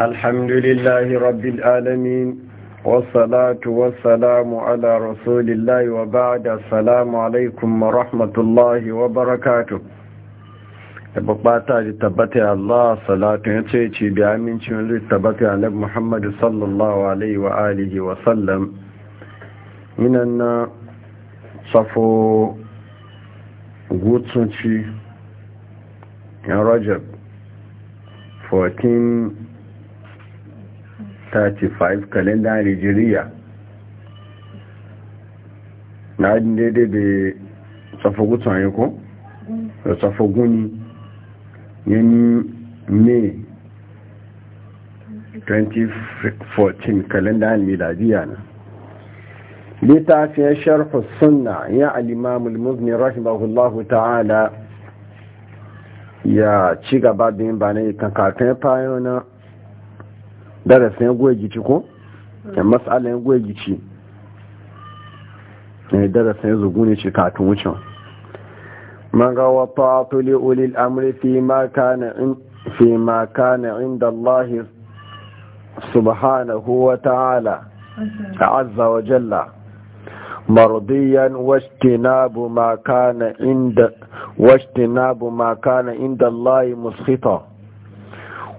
الحمد لله رب العالمين والصلاة والسلام wa رسول الله وبعد السلام عليكم ورحمة الله وبركاته bukata da tabbata Allah salatu ya ce ce bi amincin zai tabbata annabi Muhammad sallallahu alaihi wa wa sallam minan na safo gutsunci yan Rajab 14 35 kalenda nigeria na adin daidai da tsafogun tsaye ko da tsafogun yani may 2014 kalenda nigeria na littafin sharhu sunna ya alimamul muzni rahimahullahu ta'ala ya ci gaba bin ba na ikan kafin fayonar darasin ya goya gici ko mm. ya matsala ya goya gici ne eh, darasin ya zugu ne ce katun wucin man ga wafa ulil amri fi ma kana inda Allah subhanahu wa ta'ala mm-hmm. azza wa jalla marudiyan washtinabu maka na inda واجتناب ما كان عند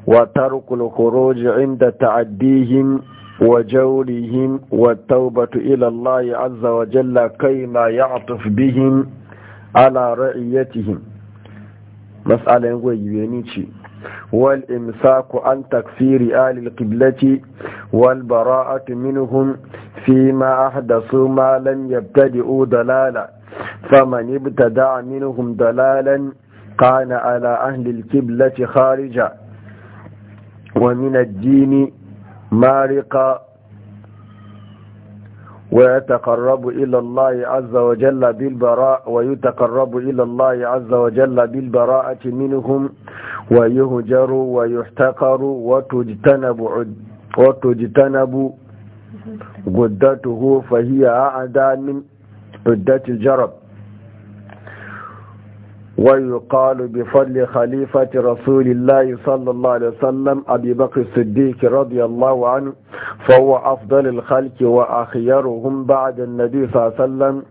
وترك الخروج عند تعديهم وجورهم والتوبة إلى الله عز وجل كيما يعطف بهم على رعيتهم مسألة ويبينيتي والإمساك عن تكفير آل القبلة والبراءة منهم فيما أحدثوا ما لم يبتدئوا ضلالا فمن ابتدع منهم ضلالا كان على أهل القبلة خارجا ومن الدين مارقا ويتقرب إلى الله عز وجل بالبراء ويتقرب إلى الله عز وجل بالبراءة منهم ويهجر ويحتقر وتجتنب وتجتنب قدته فهي أعدى من قدة الجرب ويقال بفضل خليفة رسول الله صلى الله عليه وسلم أبي بكر الصديق رضي الله عنه فهو أفضل الخلق وأخيرهم بعد النبي صلى الله عليه وسلم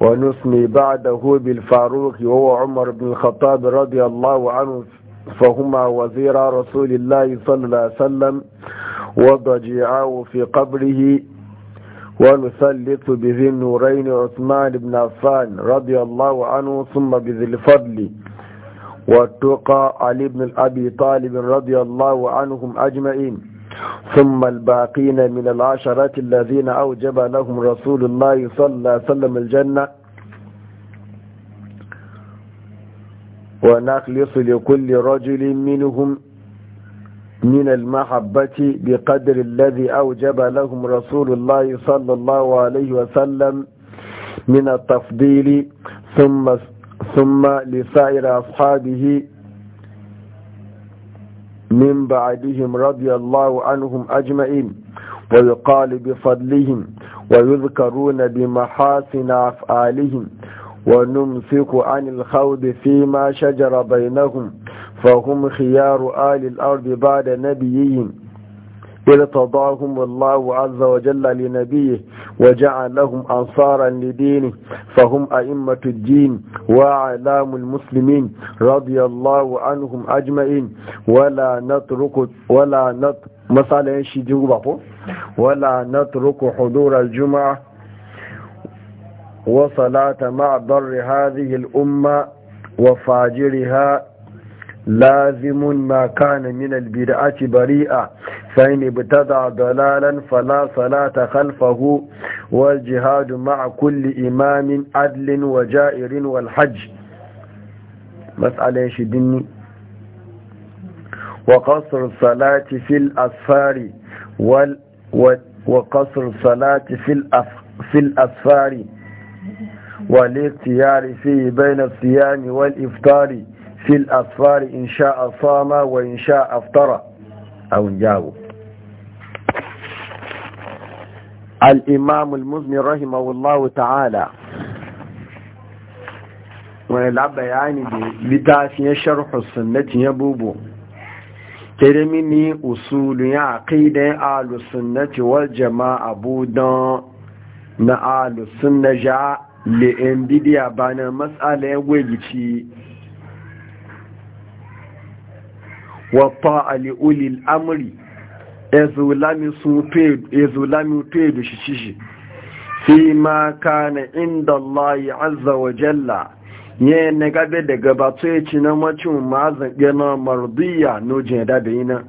ونسمي بعده بالفاروق وهو عمر بن الخطاب رضي الله عنه فهما وزير رسول الله صلى الله عليه وسلم وضجيعاه في قبره ونثلث بذي النورين عثمان بن عفان رضي الله عنه ثم بذي الفضل والتقى علي بن أبي طالب رضي الله عنهم أجمعين ثم الباقين من العشرة الذين أوجب لهم رسول الله صلى الله عليه وسلم الجنة ونخلص لكل رجل منهم من المحبة بقدر الذي أوجب لهم رسول الله صلى الله عليه وسلم من التفضيل ثم ثم لسائر أصحابه من بعدهم رضي الله عنهم أجمعين ويقال بفضلهم ويذكرون بمحاسن أفعالهم ونمسك عن الخوض فيما شجر بينهم فهم خيار آل الأرض بعد نبيهم إذ تضاهم الله عز وجل لنبيه وجعلهم أنصارا لدينه فهم أئمة الدين وأعلام المسلمين رضي الله عنهم أجمعين ولا نترك ولا نت مثلا ولا نترك حضور الجمعة وصلاة مع ضر هذه الأمة وفاجرها لازم ما كان من البدعة بريئة فإن ابتدع ضلالا فلا صلاة خلفه والجهاد مع كل إمام عدل وجائر والحج مسألة شدني وقصر الصلاة في الأسفار وال وقصر الصلاة في الأف في الأسفار والاختيار فيه بين الصيام والإفطار في الأطفال إن شاء صام وإن شاء أفطر أو نجاوب الإمام المزني رحمه الله تعالى ولعب يعني بتاسي شرح السنة يبوبو كرمني أصول عقيدة آل السنة والجماعة بودا نآل السنة جاء لإنبدي أبانا مسألة ويجي wata ulil amri ezulami to edo shi shishi fi ma ka na inda Allah ya azza wa jalla ne na gabe da gabato ya ci na macin mazan yana mardiya nojin da yi na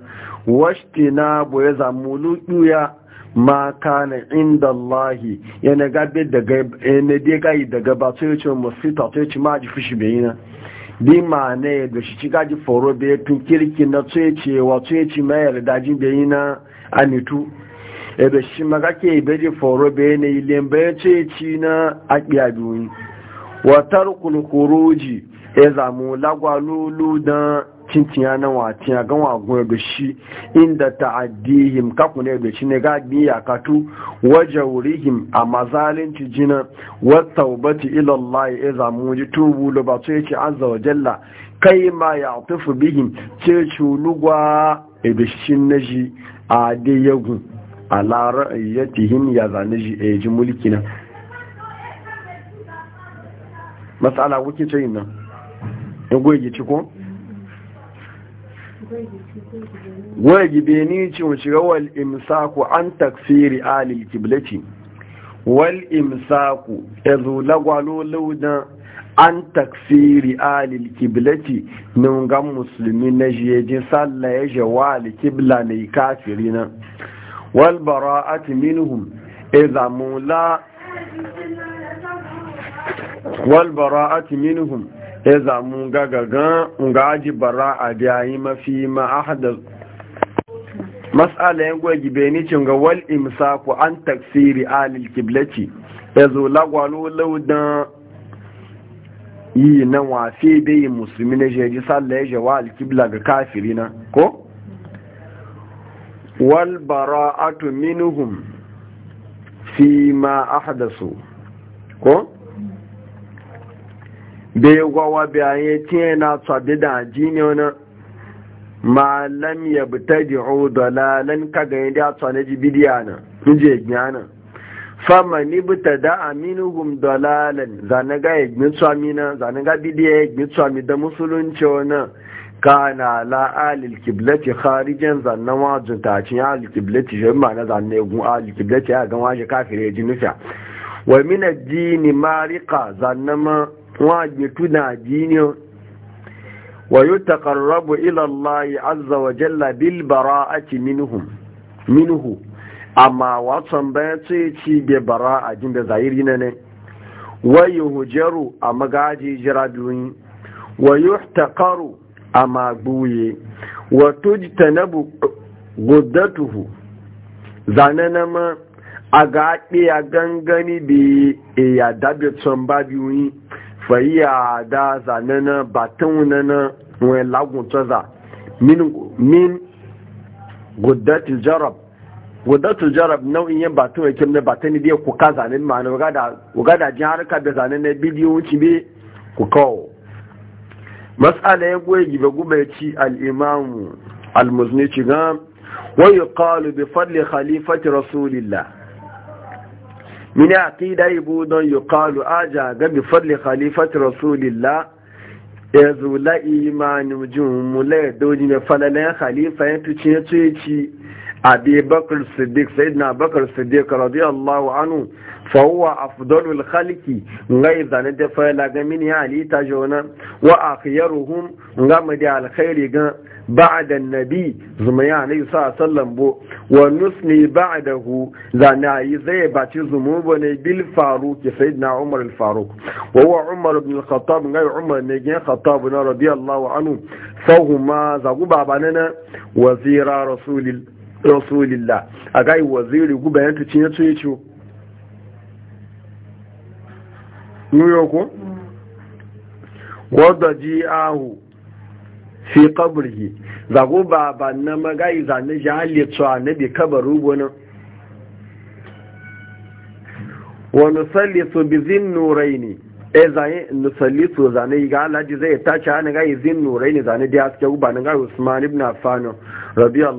washti na bu e ya zamu lukuya ma ka na inda Allah ya na gabe da gabato e ya ci mafita to ya ci ma ji fushi bai na bi ma ne da shi tun na tsoyeci wa tsoyeci mai yarda jin bai na amitu ebe shi ibe ji foro bai e ne ile bayan tsoyeci na akpiya duniya wa tarkul khuruji ya e zamu lagwalulu dan cinciya na watiya gan wagon da shi inda ta'addihim kaku ne da shi ne ga ya katu wa jawrihim a mazalinci jina wa taubati ila Allah ya e zamu ji tubu lo ba so yace azza wa jalla kai ma ya tufu bihim ce chulugwa ebishin naji a deyagun ala ra'ayatihim ya zanaji e mulki mulkina matsala kuke ce yin nan in goyi ci ko? goyi gibe ni ce shiga wal imsaku an taksiri alil kiblati wal imsaku ya zo lagwalo laudan an taksiri alil kiblati ga musulmi na jiyejin salla ya jawa alikibla mai kafiri nan wal bara'at minhum idza mula walbara'ati minhum ya zamu gagagan ngaji bara'a yayi mafi ahda mas'ala yan gwaji beni cin ga wal imsaku an taksiri alil kiblati ya zo lagwalo laudan yi na wafe dai musulmi na ji sallah ya jawa alkibla ga kafirina na ko wal bara'atu minhum fi ma ahdasu ko da ya gwawa bayan tiye na tsadi da jini wani malam ya buta da dalalan kaga ya da tsane ji bidiya na je na fama ni buta da aminu gum dalalan zane ga ya gini tsami na zane ga bidiya ya gini tsami da musulunci wani kana la alil kiblati kharijan zanna wajin ta cin alil kiblati shi ma na zanne gun alil kiblati ya gan waje kafire ji nufa wa mina jini marika mariqa zannama wa tuna jini. wa yutaqarrabu ila Allah azza wa jalla bil a ci minhu amma watan bayan sai ci be a jin da zahiri ne wa yi. a gaji jira duniya wa takaru a buye wa tujtanabu guddatuhu ma. a ga ya gangani da e ya dabe tun ba biyu yi fayiya da zane na batun na wani lagun tsaza min gudatul jarab gudatul jarab nau'in yin batun ya kim batun ne biya kuka zanen ma waga da jin harka da zanen na bidiyo wuce be kukawo matsala ya goya gibe gube ci al'imamu al-muzni ci gan wani kalu bi fadli khalifati rasulillah من عقيدة يبودا يقال آجا بفضل خليفة رسول الله yanzu la'i mani jimula ya doji mai falalen khalifa ya tuci ya tuci a bakar siddiq sai na bakar anhu fahuwa afdalul khalki ngai zane da fayla ga mini halita jona wa akhiyaruhum nga alkhairi ga ba'da nabi zuma ya alayhi sallam bo wa nusni ba'dahu zana yi zai baci zumu bo ne bil faruk sayyidina umar al faruk wa umar ibn khattab ngai umar ne gen khattab na radiyallahu anhu fahuma zagu baba ne wazira rasulillah rasulillah agai waziri gubayanta cinye-cinye ciwo nuyo ko wadda ji ahu fi kaburhi zago ba na magayi zane jihali tsawa na bi kabaru gona wa nusallisu bi zin nurai ne e zane nusallisu zane ga zai tace hannun gayi zin nurai ne zane da ya suke usman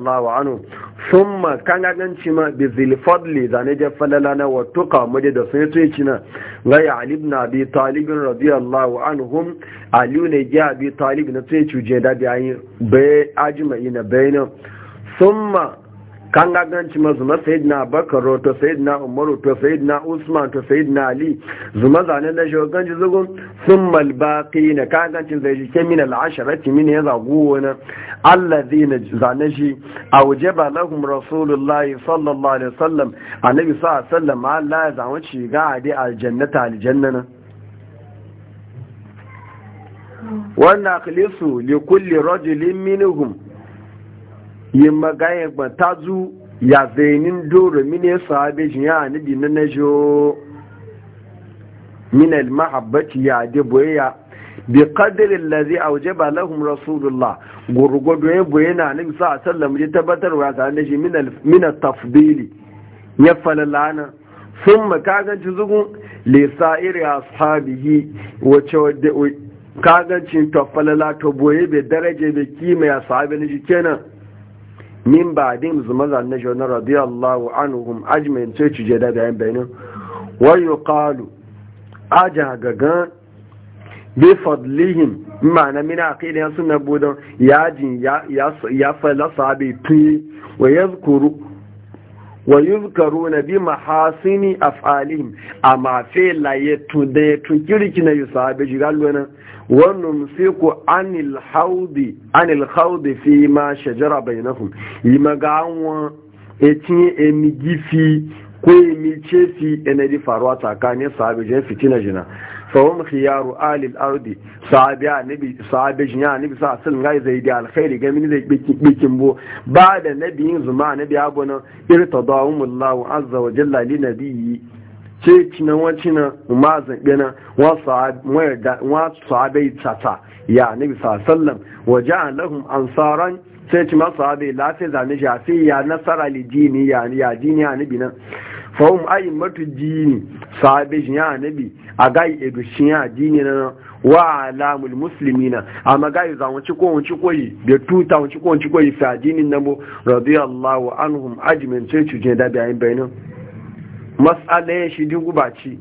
anhu summa kanga ganci ma bi zil fadli zane je falala na watuka muje da sun yace cina ga ya ali ibn abi talib radiyallahu anhum ali ne ya abi talib na sai cuje da bayan bai ajma'ina bayanan summa kan gaganci ma zuma sayidina bakar to sayidina umaru to sayidina usman to sayidina ali zuma zane na shogan ji zugun sun malbaki na ganci zai ji ke min al'asharati min ya zagu wani zai na zane shi a waje ba lahum rasulullah sallallahu alaihi wasallam annabi sa sallam allah ya zama ci ga adi aljannata na wannan akhlisu li kulli rajulin minhum yin magayin zu, ya zainin doro mine sahabe shi ya ni na na jo min almahabbati ya de ya? bi qadri allazi awjaba lahum rasulullah gurgudu ya na nabi sa alaihi wasallam ya tabbatarwa ta da shi min min at-tafdili ya falalana thumma kaganci zugun li sa'iri ashabihi wace kaganci to falala to boye be daraje be kima ya sahabe ne kenan min ba din zumaza na jona radiyallahu anhum ajmain sai ci jeda bayan bayanin wa yuqalu aja gagan bi fadlihim na min aqidan sunna budan ya jin ya ya fala sahabi tu wa yadhkuru wa yuzkaru na bi mahasini af'alim amma fe la yetu da yetu kirki na yusabe jigalu na wa numsiku anil haudi haudi fi ma shajara bainahum yi maga awon etinye emigi fi ko yi mice fi yanayi faruwa tsakanin sahabi jan fitina jina sawon khiyaru alil ardi sahabi nabi jina nabi sa asalin gai zai da alkhairi ga mini zai bikin bo ba da yin zuma nabi abu nan iri ta dawumullahu azza wa jalla li nabiyyi ce cinan wancinan umazin ɗina wa sahabai tata ya nabi sa sallam wa ja'an lahum ansaran sai ci masu haɗe lafi zane shi a sai ya nasara li dini ya ya dini ya nabi nan fahim ayi matu dini sahabe shi ya nabi a gayi edo shi ya dini na wa alamul musulmi na a magayi za wanci ko wanci koyi da tuta wanci ko wanci koyi fi adinin nan bu radiyallahu anhum ajimin sai cuje da bayan bayanin mas'ala ya shi dugu baci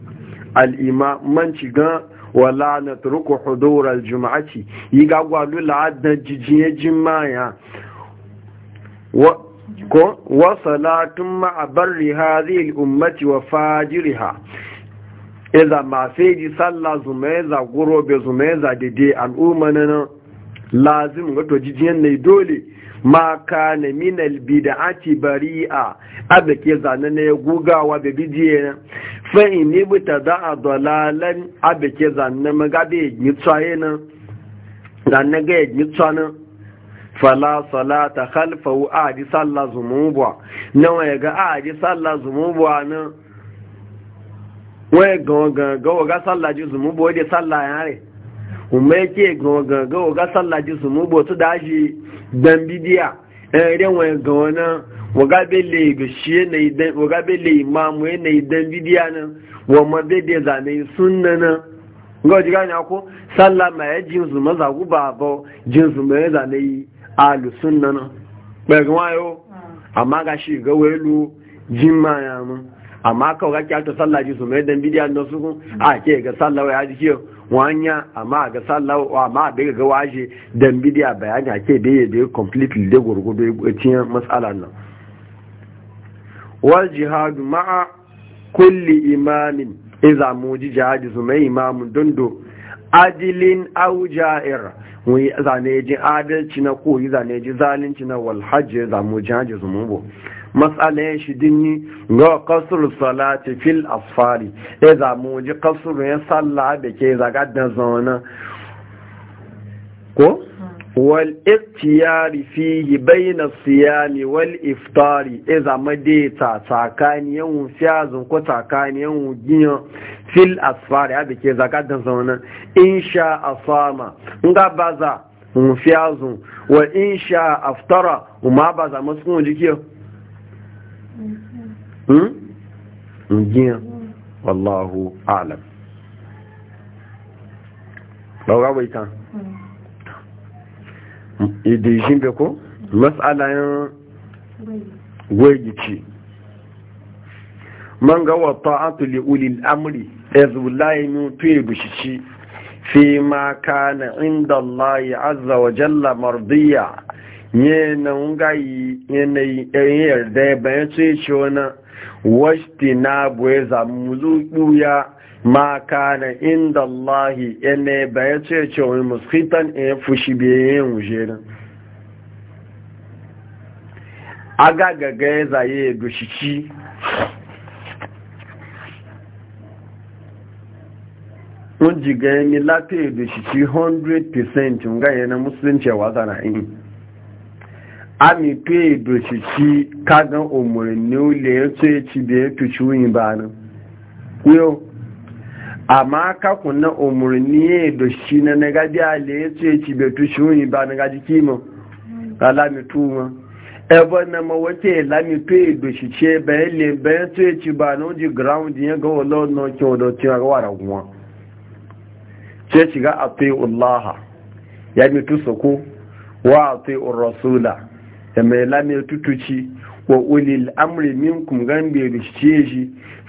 al'ima manci gan wala na turuku hudurar juma'aci yi gagwalu la'adar jijiye ya. wa salatun ma'abarri zai ummati wa fajiriha iza ma sai ji sallah zumaiza gurobe zumaiza dede al'ummanin lazim wato jijiyan na dole ma ka na minal bida'ati bari abu ke zane na ya gugawa da bijiye na fa'in ne buta za a dalalan abu zane na magabe ya gmitsaye na na fala salata khalfahu a di sallah zumubuwa nan waya ga a di sallah waya ga waga sallah ji zumubuwa wadda sallah ya re kuma yake ga waga sallah ji zumubuwa eh, waya ga na waga bele ga shi yanayi dan waga bele imamu yanayi bidiya nan wa mabede zane sunna nan ga wajen gani ako sallah ma ya jinsu maza guba ba jinsu ya zane yi alusun nan ɓarin wayo amma ga shi ga welu jin amma ka ga kya ta sallah ji su mai dan bidiya na su a ke ga sallah wa ji ke wanya amma ga sallah wa amma da ga waje dan bidiya bayani a ke da ya completely da gurgudu ya cinya matsalan nan wal jihadu ma'a kulli imanin iza muji jihadi su mai imamun dondo adilin au ja'ir wai zane ji adalci na koyi zane ji zalunci na walhajji ya zamu jaji zumubo matsala ya shi dinni ga kasur salati fil asfari e ya zamu ji kasur ya sallah da ke zaga da zauna ko wal'iftiyari fihi bayna siyami wal iftari e zama data tsakaniyan wufiyazin ko tsakaniyan wujiyan fil asfari a ke zakatan saunan in sha asama nga baza wufiyazin wa insha aftara ma baza masu kuma jikiyar wujiyan wallahu alam ɗaura waitan shi da ko matsalayin gwajici man ga wata an atuli ulil amri ezulayi nutuye bishici fi ma ka na inda Allah azza wa jalla mardiya na ngayi yanayi e, yarda bayan sai ce wani washti na buwe zamulu ya ma kana inda Allahi ene ba ya ce ce wani muskitan ya e fushi biye yin wuje nan aga gaga ya zaye ya dushici wọ́n jì gan ni láti èdè ṣìṣì 100% ń gáyẹ̀ na musulunci wa zana yìí a mi tó èdè ṣìṣì kágan òmùrìn ní ó lè tó èchì bí i tó ṣúyìn bá náà amma kakun na umarni da shi na na gabi alayetu ya ci betu shi wuni ba na gaji kima ga lamitu ma ebe na mawake lamitu e ya da shi ce bayan lembayan su ya ci ba na oji ground ya ga wala na ke wada cewa ga wara kuma ce shiga a tsaye ullaha ya mitu sako wa a tsaye urasula ya e mai lamitu tuci wa ulil amri minkum gambe rishe shi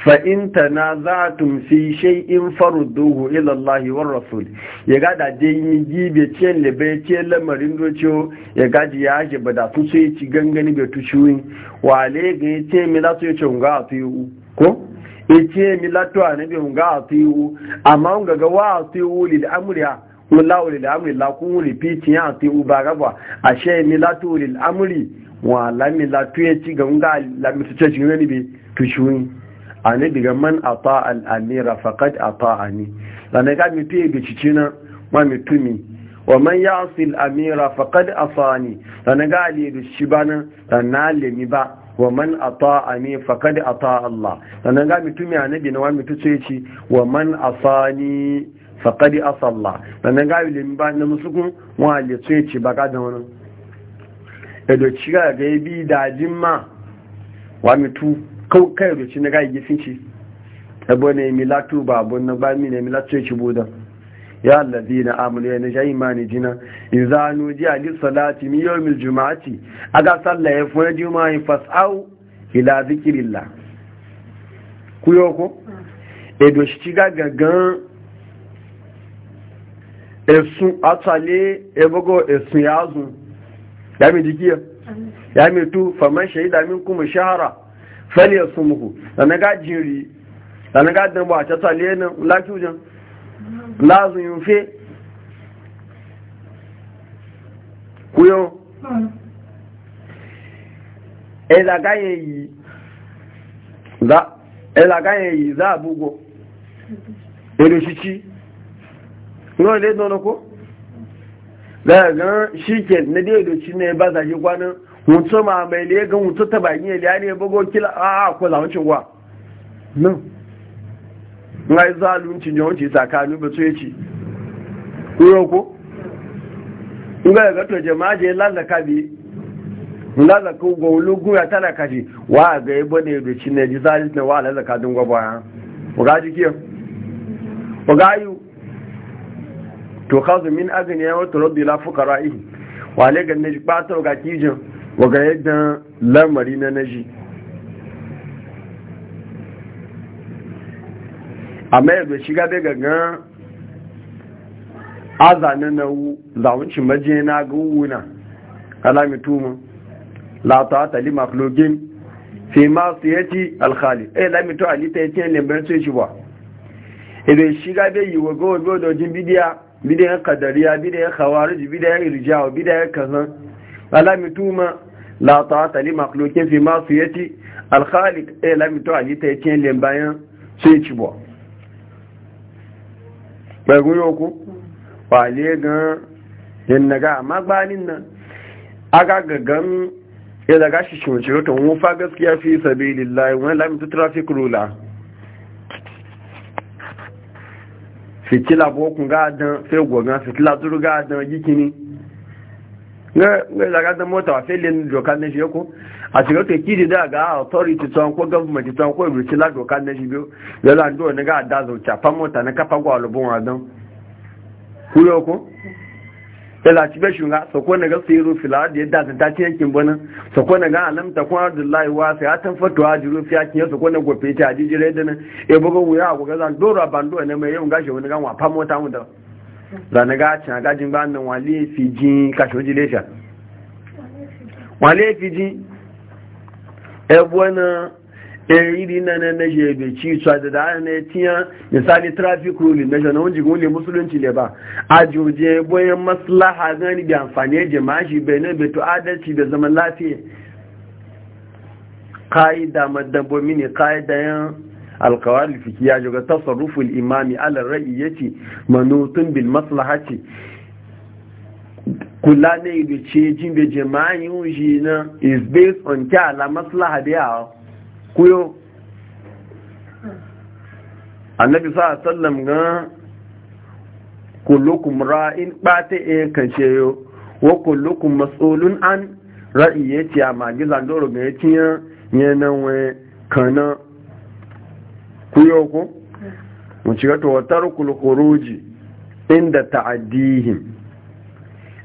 fa in tanaza'tum fi shay'in farudduhu ila Allah war rasul ya ga da dai yi gibe cin le bai ce lamarin docho ya ga ji ya ji bada su sai ci gangani bai tushuin wa le ga ce mi za su ce chunga atiu ko e ce mi la to anabi hunga atiu amma ga ga wa atiu lil wula ulil amri la kun wuli ya uba gaba a she mi la tu ulil amri wa la mi la tu ye ci ganga la mi tu ce ci amira mi mi mi ba wa man ata'ani mi anabi ci wa faƙadi asalla sannan ga ilimi ba na musukun wale tun ci baka da wani edoci ga ga bi dajin ma wa mitu kai edoci na ga gifin ci ebo ne milatu ba abun na gbami ne milatu ci budan ya allazi na amuru ya nisha imani jina in zanu ji a lissalati miyar mil juma'ati a ga sallah ya funa juma'i fas'au ila zikirillah ku yoko hmm. edoci ci ga gangan esu atale ebogo esun yazun ya mai jikiya ya mai tu faman shaida min kuma shahara fali esu muku da na gajin ri da na gajin ba a ta tale na lafi wujen lazun yin fe kuyo elagayen yi za a bugo elushici yau ne nono shi ke na dai da shi ne ba za shi kwanan hutu ma mai ne gan taba ta baki ne ya ne kila a ko zamu cin gwa nan ngai zalunci ne wuce tsakanin ba so yace ko ko ga to jama'a je lalaka bi lalaka go lugu ya tana kashi wa ga yabo ne da shi ne ji ne wa kiyo to kazu min agani ya wata rabbi la fuqara ihi wa le ganne ji batar ga kijin wa ga yadda lamari na naji amma yadda shiga bai gangan azanin na zaunci maje na ga wuna tuma la ta tali makhluqin fi ma ci alkhali eh lamito alita yace lembar ce shi ba idan shiga bai yi wa gowa gowa dojin bidiya bidayen kadariya bidayen khawarij bidayen irja'a bidayen kaza alamituma la ta'ata li makhluqin fi ma'siyati al-khaliq eh lamito yake yakin bayan sai ci bo bagun yoku le gan yin naga amma gbanin nan aga gagan ya daga shi shi wuce mu fa gaskiya fi sabilillahi wani lamito traffic ruler fitila bokun gadan fe gogan fitila turu gadan yikini ne zaga da mota wa felin dokan na shi ko a shiga to kidi da ga authority to ko government to ko bi tila dokan na shi biyo da lan do ne ga da zo cha pa mota na kafa gwa lubun adan kuyo ko ya be bai shunga sako na ga siru fila da yadda ta ce yankin bana sako na ga alamta kuma abdullahi wa sai ya tan fatuwa jiru fiya kin na gofe ta ji da nan e buga wuya ko ga zan dora bando ne mai yau gashi wani ga wa famo ta mu da zan ga cin ga jin nan wali ka lesha wali fi jin e na. iri na na na jebe ci tsa da da na tiya misali traffic rule na jana wunji gole musulunci ne ba a joje bayan maslaha gani da amfani jama'a shi bai na beto adalci da zaman lafiya ka'ida madabbomi ne ka'ida yan alkawar ya joga tasarruful imami ala ra'ayi yace manutun bil maslahati kula ne da ce jin da jama'a na is based on ta ala maslaha da yawa kuyo annabi sa sallam ga kullukum ra'in ta e kan sheyo wa kullukum mas'ulun an ra'iyati amma gizan doro ga yatiya yanan we kana kuyo ko hmm. mu ci ga to tarkul khuruji inda ta'addihim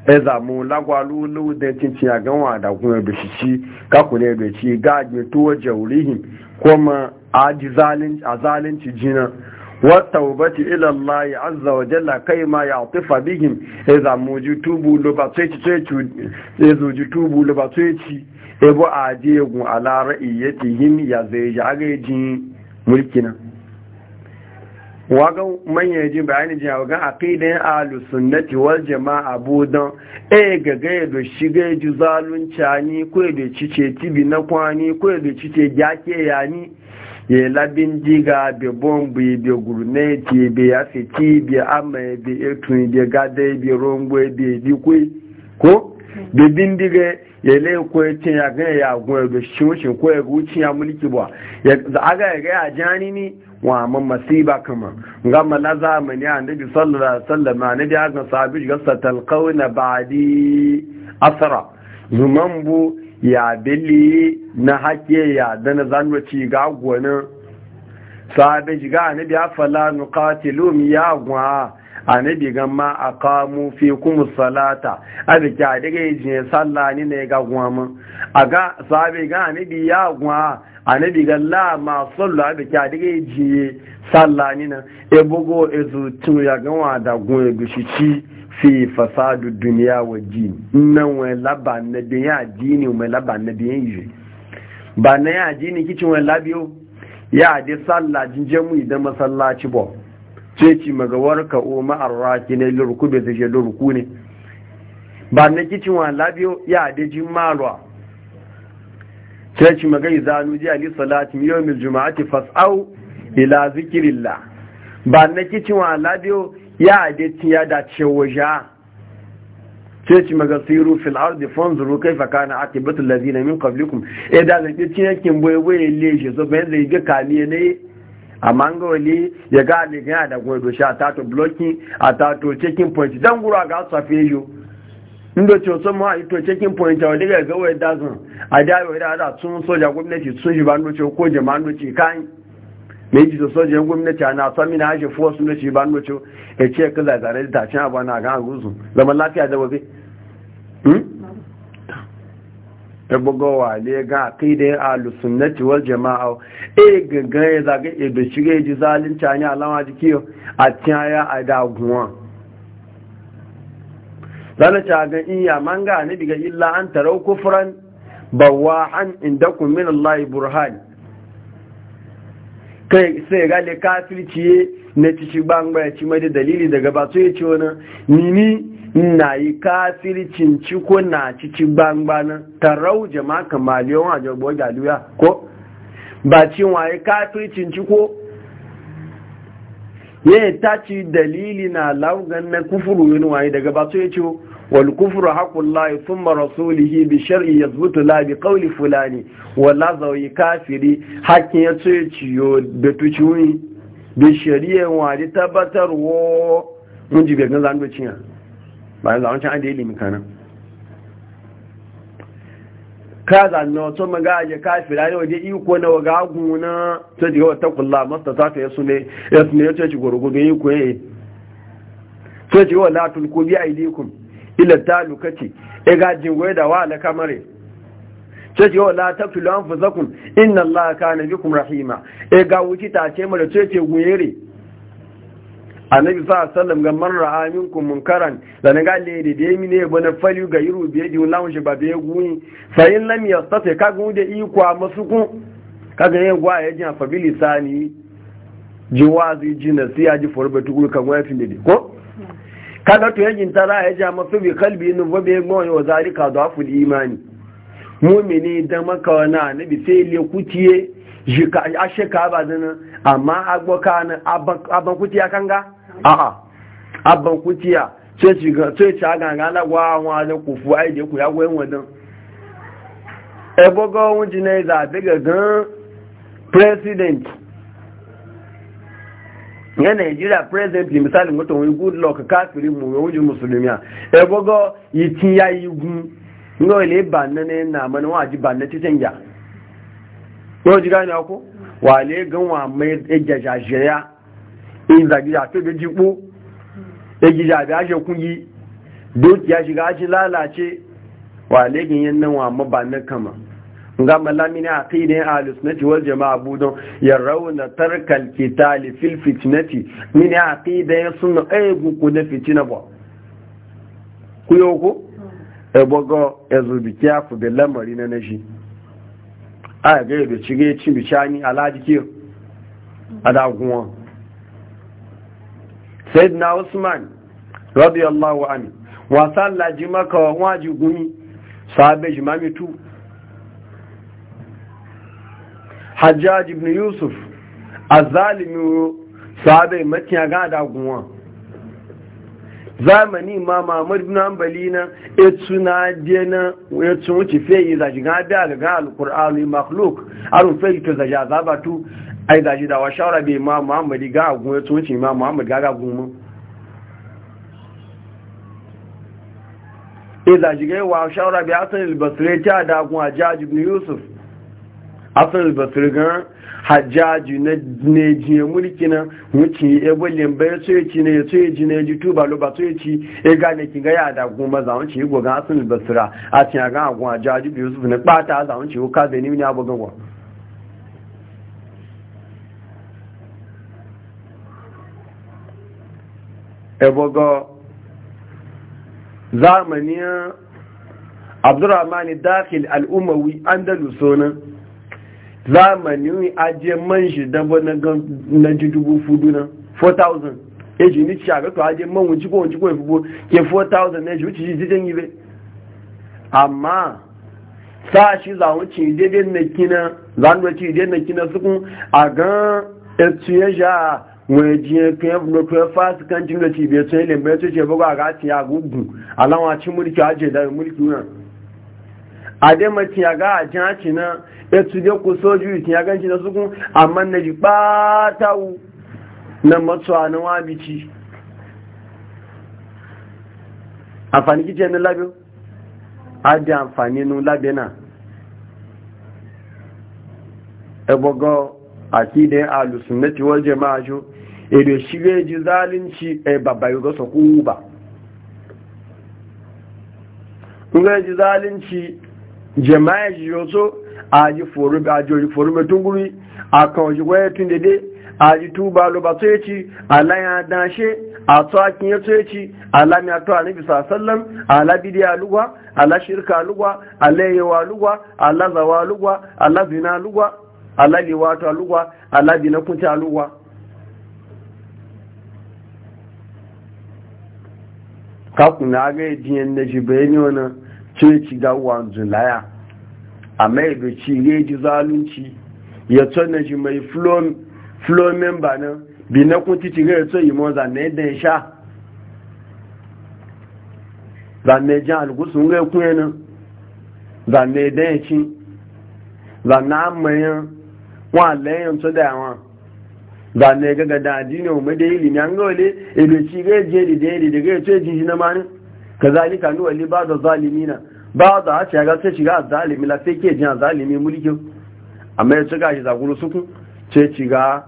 ẹza mu lagwalu lóde titi aganwa adakun ebeshishi kakuna ebeshi gaagbe tuwo jaurihi kuma azalinci jina wataubati ilallahi azza wa jalla kai ma ya atifa bihim ẹza mu ji tubu loba tsoci ebo aje egun alara iyetihim ya zai ji agajin mulkina wagan manyan jin bayani jin a wagan aqidan ahlus sunnati wal jama'a budan e gaga ya do shiga ji zalunca ni ko da cice tibi na kwani ko da cice jake ya ni ye labin diga be bombu be gurne ti be afiti be ama be etun be gade be rombo be dikwe ko be bindige ya laiko ya ce ya gane ya gwa da shi wucin ko ya guci ya mulki ba ya aga ya ga ya jani ni wa man masiba kama ngamma na zamani annabi sallallahu alaihi wasallam annabi aka sabi ga satalqawna ba'di asra bu ya billi na hake ya dana zanwaci ga gona sabi ga annabi afala nuqatilu ya gwa annabi ga ma aqamu kum salata abi ga daga yin sallah ni ne ga gwa mu aga sabi ga annabi ya gwa anabi ga la ma sallu abi a dige ji sallani na e bogo e zutu ya ga da gun e fi fasadu dunya wa jin nan wa laba na dunya dini wa laba na biyan yi ba na ya jini kicin wa labiyo ya de salla jinje mu idan masallaci bo ceci ci magawar ka o ma arraki ne lurku be je lurku ne ba na kicin wa labiyo ya de jin malwa sai ci magai zanu ji ali salatin Juma'a juma'ati fas'au ila zikrillah ba na kicin wa ladiyo ya ade tin ya da cewaja sai ci maga siru fil ardi fanzuru kaifa kana atibatu allazina min qablikum eh da zan kicin yakin boye boye leje so bayan zai ga kaliye ne amma ga ya ga ne ga da gwado sha ta to blocking a ta to checking point dan gura ga safe inda ce wasu ma ito cikin pointa wadda ga gawai dazin a dawo e e e da da sun soja gwamnati sun shi ba noce ko jama'a noce kan mai ji da sojan gwamnati a na sami na ashe fuwa sun noce ba noce ya ce ka zazare da tashin abuwa na gan agusu zama lafiya da wabe ta bugowa ne ga kai da yin alusunnati wal jama'a e gangan ya zagaye da shiga ya ji zalunci ne alama jikiyo a tiyaya a daguwa zana ta ga iya manga ne daga illa an tarau kufran bawahan indakum min Allah burhan kai sai ga le kafirci na cici bangba ya ci mai dalili daga ba so ya ci wani nini na yi kafircin ci ko na cici bangba na tarau jama'a kamaliyon a jagbo galuya ko ba cin waye kafircin ci ko ya ta ci dalili na laugan na kufuru yin waye daga ba so ya ci والكفر حق الله ثم رسوله بشرع يثبت لا بقول فلان ولا زوي كافر حق يتشيو بتوچوي بشريعه وادي تبتر و mun بيغن gagan zan doci ya bayan zan can da ilimi ka zanna maga ya kafira ne waje iko na waga agu na ta jiga masta za ta yasu ne ya ne ya ci ya yi ila talukati e ga jingoye da wa na kamare ce ce la taqtulu anfusakum inna allaha kana bikum rahima e ga wuci ta ce mara ce ce guyere annabi fa sallam ga man ra'a minkum munkaran da ga le de de mi ne bana fali ga yiru biye di wallahu shi ba be fa in lam yastati ka gun i kwa masuku kaga yin gwa ya jin fa bilisani jiwazi jinasiya ji forbatu kan wafi ne ko kada to yajin tara ya ja mafi bi kalbi nun wa bi gbo yo zalika da aful imani mu'mini da maka wana nabi sai le kutiye jika ashe ba dana amma agbo na aban kutiya kanga a a aban kutiya sai ci ga sai ci ga kufu ai da ku ya goyen wadan e daga gan president ya nigeria presently misali mutum wani good luck kafirin mu ya wujin e musulmiya ya gogo yi tin ya yi gun ngo ile banna ne na mana waji banna ti canja yau gan gani ako wale ganwa mai ejaja shirya in e zagija to be jipo ejija bi ashe kungi duk ya shiga ashe lalace wale ganyen nan wa mabanna kama ga malamini aqidin ahlus sunnati wal jamaa budun yarawna tarkal qital fil fitnati min aqidin sunna aygu eh, ku na hmm. fitina ba ku yoko e bogo ezubi ku de lamari na naji a ga yebe cige cin bicani alaji kiyo hmm. adagunwa sayyidina usman radiyallahu anhu wa sallaji maka wajibuni gumi sahabe jimami tu hajjaj ibn yusuf azalimi sahabai matiya gada guwa zamani ma mamar ibn ambali na etu na je na etu wuce feyi zaji ga biya ga ga alkur'ani makhluk arun feyi to zaji azabatu ai zaji da wa shawara bai ma muhammadi ga agun etu wuce ma muhammadi ga ga mu e zaji ga wa shawara bai asan albasirati da a hajjaj ibn yusuf asan basir hajjaji na nejiye mulki na wuce ebo lembe ya soye ci na ya soye ji ya ji tuba lo ba soye ci ya gane ki ga da goma za wuce yi gogan asan basira a cin a gan agun hajjaji bi yusuf na kpata za wuce yi kaza ni mini abogan wa ebogo zamaniya abdurrahman dakhil al-umawi zamanin ajiye man shi dabo na ji dubu fudu na 4,000 eji ni ci agato ajiye man wunci ko wunci ko ifubo e ke 4,000 na ji wuce shi zijen yi be. amma sa shi za wuce idede na kina za n ci idede na kina sukun a gan etu ya sha wọ́n jí ẹkùn ẹ̀bùn ọkùn kan jí lọ sí ilẹ̀ mẹ́tún ṣe bọ́gbà àgá ti àgúgùn aláwọn àti múlìkì ajẹ́ ìdáyẹ̀ múlìkì náà adema tiyaga a jan cina ya e tuje ku soju tiyagan cina suku amma na ji ɓatawu na matsuwa na wabici amfani kice na labiyo adi amfani nu labiyo na ebogo akidin alusunnati wal jama'a ju edo shige ji zalunci e babba yugo sokuba ngai ji zalunci jama'a ji yoso a ji foru metun guri a kan ji waya tun dede a ji tuba lo ba to yaci alaya dashe a to akin ya to yaci alami a to a nabi sallam ala bidiya lugwa ala shirka lugwa ala yawa lugwa ala zawa lugwa ala zina lugwa ala liwata lugwa ala bina kunta kakuna ga yi jiyan na ji bayani wani sai ci ga uwan zulaya amma ibe ci ne ji zalunci ya tsonna shi mai flow member nan bi na kunti e ci ga ya tsoyi mo zanne da sha zanne jan algusun ga kuye nan zanne da ya ci zanne amayan wọn àlẹ́yìn tó dá wọn zanne gaga da adini o mede ilimi an gole ibe ci ga je dide dide ga ya tsoye jinjina ma ni kazalika nu wali ba da zalimina ba da a shiga sai shiga zalimi la sai ke jin zalimi mulki amma ya shiga shi zakuru suku ce shiga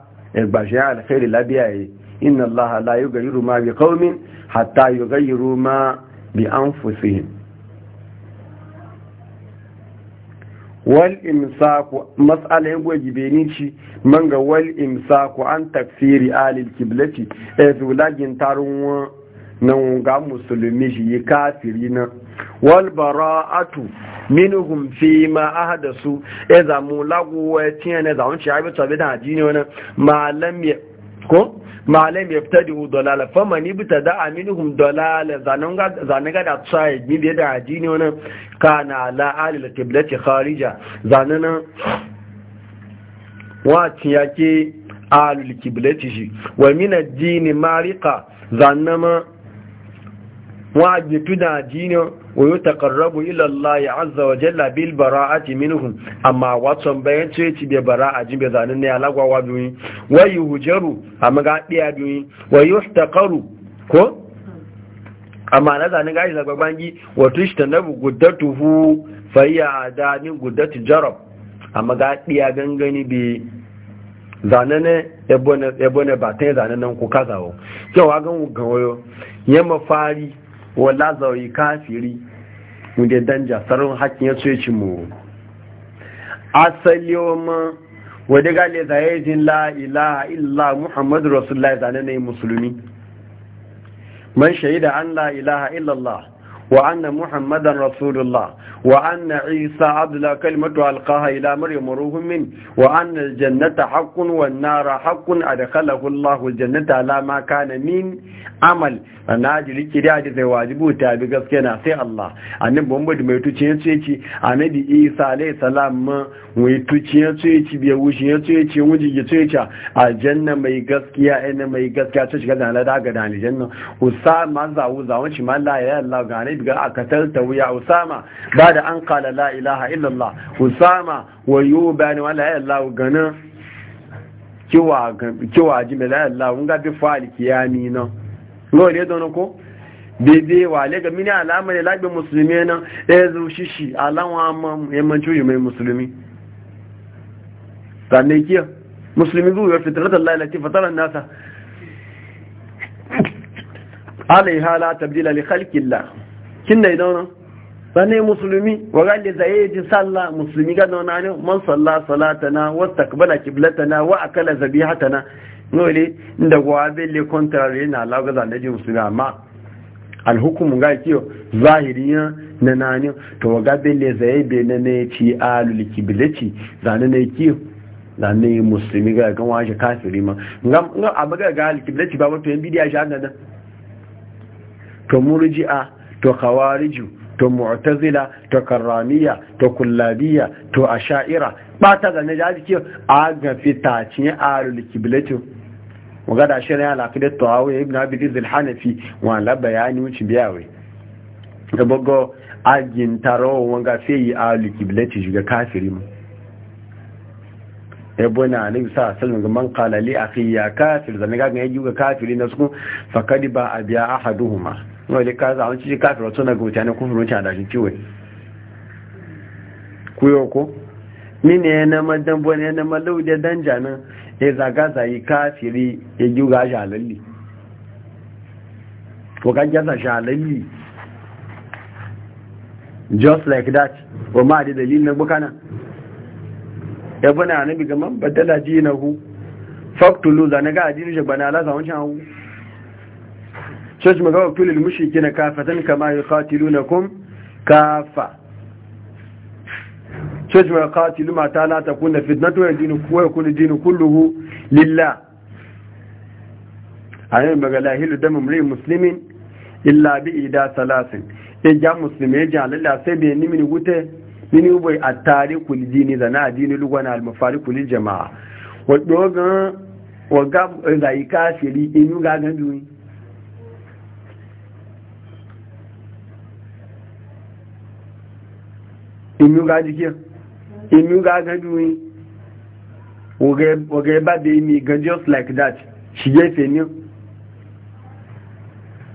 ya alkhairi labiya yi inna allaha la yughayyiru ma bi qaumin hatta yughayyiru ma bi anfusihim wal imsaku mas'ala yin gwajibe ni ci manga ga wal imsaku an takfiri alil kiblati e zulagin tarun nan ga musulmi shi yi kafiri na walbara'atu minhum fi ma ahdasu e za mu lagu wa tiyan ne za mu ci abi tabi da jini wani malam ya ko malam ya fita da dalala fa man ibtada aminuhum dalala zanan ga zanan ga da tsaya ni da ajini wani kana ala alil qiblati kharija zanan wa tiyake alul qiblati shi wa min ad-din mariqa zanama wajitu da jinin wayo takarrabu ilallah ya azza wa jalla bil bara'ati minhum amma watson bayan ce ci da bara'a jin bai zanen ne alagwa wa biyu wayu hujaru amma ga diya biyu wayu taqaru ko amma na zanen ga isa gbabangi wato shi guddatu guddatuhu fa ya adani guddatu jarab amma ga diya gangani bi zanene ebone ebone ba tan zanenen ku kazawo cewa gan gawayo ya fari wala zawi kafiri wanda danja sarun hakkin ya ce ci mu asali ma wadda gale zaye jin la'ila ilaha illa muhammadu rasulullah zane ne musulmi man shaida an la'ila ilaha illallah wa anna muhammadan rasulullah wa anna isa abdullah kalimatu alqaha ila maryam ruhun min wa anna aljannata haqqun wan nara haqqun adkhalahu allah aljannata la ma kana min amal na ji likiri da zai wajibu ta bi gaske na sai Allah annabi Muhammad mai tuciyen tsoyeci annabi Isa alayhi salam mai tuciyen tsoyeci bi wushi ya tsoyeci wuji ya tsoyeci aljanna mai gaskiya ina mai gaskiya ta shiga da da ga dani janna Usama za wu za wanci ma la ilaha illallah ga annabi ga akatal wuya. Usama ba da an qala la ilaha illallah Usama wa yubani wa la ilaha illallah ganin kiwa kiwa ji la ilaha illallah mun ga bi fa'al kiyami nan yau ne don ko bebe wa le ga mini alamar ne lagbe musulmi na ya e zo shishi alawa yammanci e yi mai musulmi sannan kiyar musulmi zuwa fitratar lalati fataran nasa alaiha la tabdila li khalqillah kin dai dauna Sannan musulmi wagande zaye jin sallah musulmi ga dauna ne man sallah, salatana wa takbala qiblatana wa akala hatana. nole inda gwa zai le kontrari na lagaza na ji musulmi amma alhukumu ga kiyo zahiriyan na nani to ga bele zai be na ne ci alul kibilati zane ne kiyo zane musulmi ga kan washe kafiri ma ga ngam abaga ga al kibilati ba wato yan bidiyar shi nan to murji'a to khawariju to mu'tazila to karramiya to kullabiya to asha'ira ba ta zane da kiyo a ga fitacin alul kibilati muga da shi ne ala kide to awe ibn abdiz al hanafi wa la bayani wuci biyawe da bogo ajin taro won e ga sai ali kiblati shiga kafirin e bona ne sa man qala li akhi kafir zan ga ga yuga kafirin na su fa kadiba abiya ahaduhuma wa li kaza an ci kafir to na go tani kufuru ta da shi kiwe kuyoko ko mini yana madambo ne yana malaude dan janin ya e zaga zayi kafiri ya e juga shalalli ko kan jasa shalalli just like that wa ma da dalilin na bukana ya e bana na biga man badala ji na hu faktulu za na ga adini shi bana ala zawon shahu church magawa kulil mushriki na kafatan kama yuqatilunakum kafa church mai katilu mata la ta kunna fitnatu ya dinu kuwa kullu dinu kulluhu lillah ayin baga lahilu damu mri muslimin illa bi ida salasin in e ja musulmi e ja lalla sai bai ni mini gute mini ubai attari kul dini zana adini lugwana al mafari kul jamaa wado ga waga zai kafiri inu ga ga duwi inu ga jikin imi ga gaduwi oge ba da imi ga like that shi gefe ne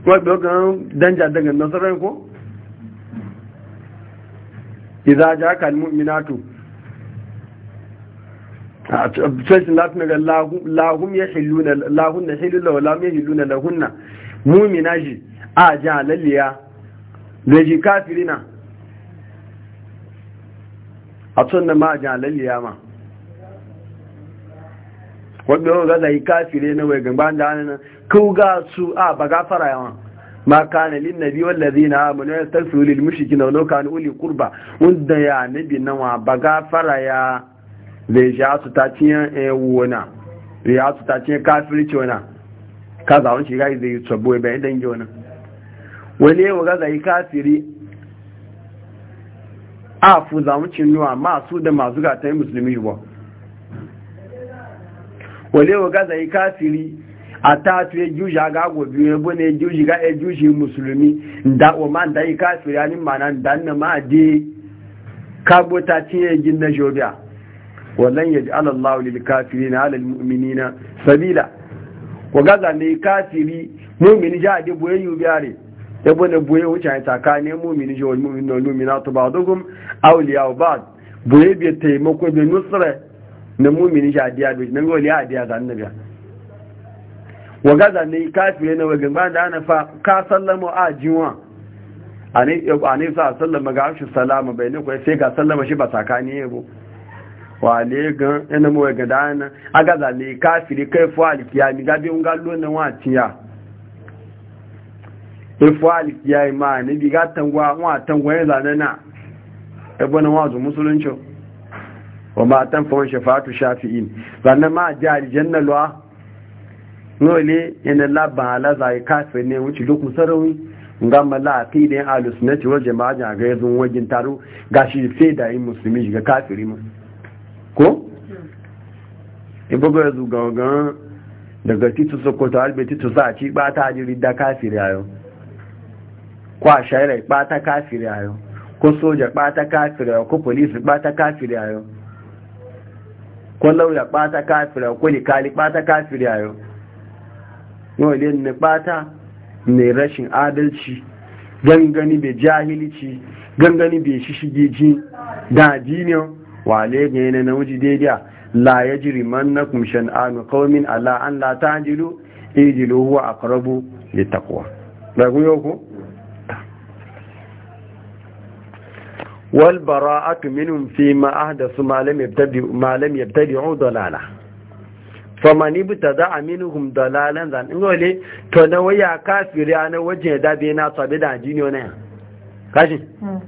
wadda ogan danja daga nasarar ko? iza ah, ja kan mu'minatu a cikin latin ga lahun ya hilluna na hillula ya hilluna lahunna kafirina a tun da ma'ajin alaliya ma wadda yau ga yi kafire na wai gamba da hannun ga su a ba gafara yawan ma kana lin nabi wallazi na a? ya tafiru lil mushriki na wani kan uli kurba wadda ya nabi na wa ba gafara ya zai a su ta ciyan ewona eh, a su ta ciyan kafirci wana ka zawon shiga zai yi ya bayan dangi wana wani yau ga yi kafiri a fu cin nuwa masu da masu gatayin musulmi ba wale wa gaza yi kafiri a ta tuye juji a gago biyu ya bane juji ga ya juji musulmi da o ma da yi kafiri a nima na da na ma de kagbo ta cinye gin na jobiya wannan ya ji alallahu lil kafiri na alal mu'minina sabila wa gaza ne kafiri mu'mini ja a debo ya yi biyare yabo buye wuce a tsakanin mumini shi wani mumini na lumina to ba dogon auliya ba buye biya taimako bai nusra na mumini shi a diya biya nan goliya a diya wa gaza waga kafi ne na wajen ba da ana fa ka sallama a jiwa a ne sa sallama ga shi salama bai ne kwa sai ga sallama shi ba bu wa ne gan yana mawa ga a gaza ne kafi ne kai fuwa alkiyami gabi wunga lona wa tiya ifwali ya yi ma ni bi ga tangwa wa tangwa ya zane na ebona wazo musulunci wa ma tan fa shafatu shafi'in Zane ma ji aljanna lwa nole yana laban ala zai kafe ne wuce duk musarawi ga malaki da ahlus sunnati wal jama'a ga yazun wajen taro gashi sai da yin musulmi e ga kafiri mu ko ibogo yazu gangan daga titu sokoto albe titu a ci ba ta jiri da kafiri ayo ko a shayar ba ta kafiri a yau ko soja ba ta kafiri a yau ko polisi ba ta kafiri a yau ko lauya ba ta kafiri a yau ko likali ba ta kafiri a yau yau ne ba ta mai rashin adalci gangani mai jahilci gangani bai ji da wa wale ga yana na wuji daidai la ya jiri na kumshin anu kawomin ala an la ta jiru ijilu huwa a karabu da takwa. yau ku? wal bara'atu minhum fi ma ahdathu ma lam yabtadi'u ma lam yabtadi'u dalala faman ibtada minhum dalalan zan ngole to na waya kafiri ana waje da be na sabe da jiniyo ne kashi hmm.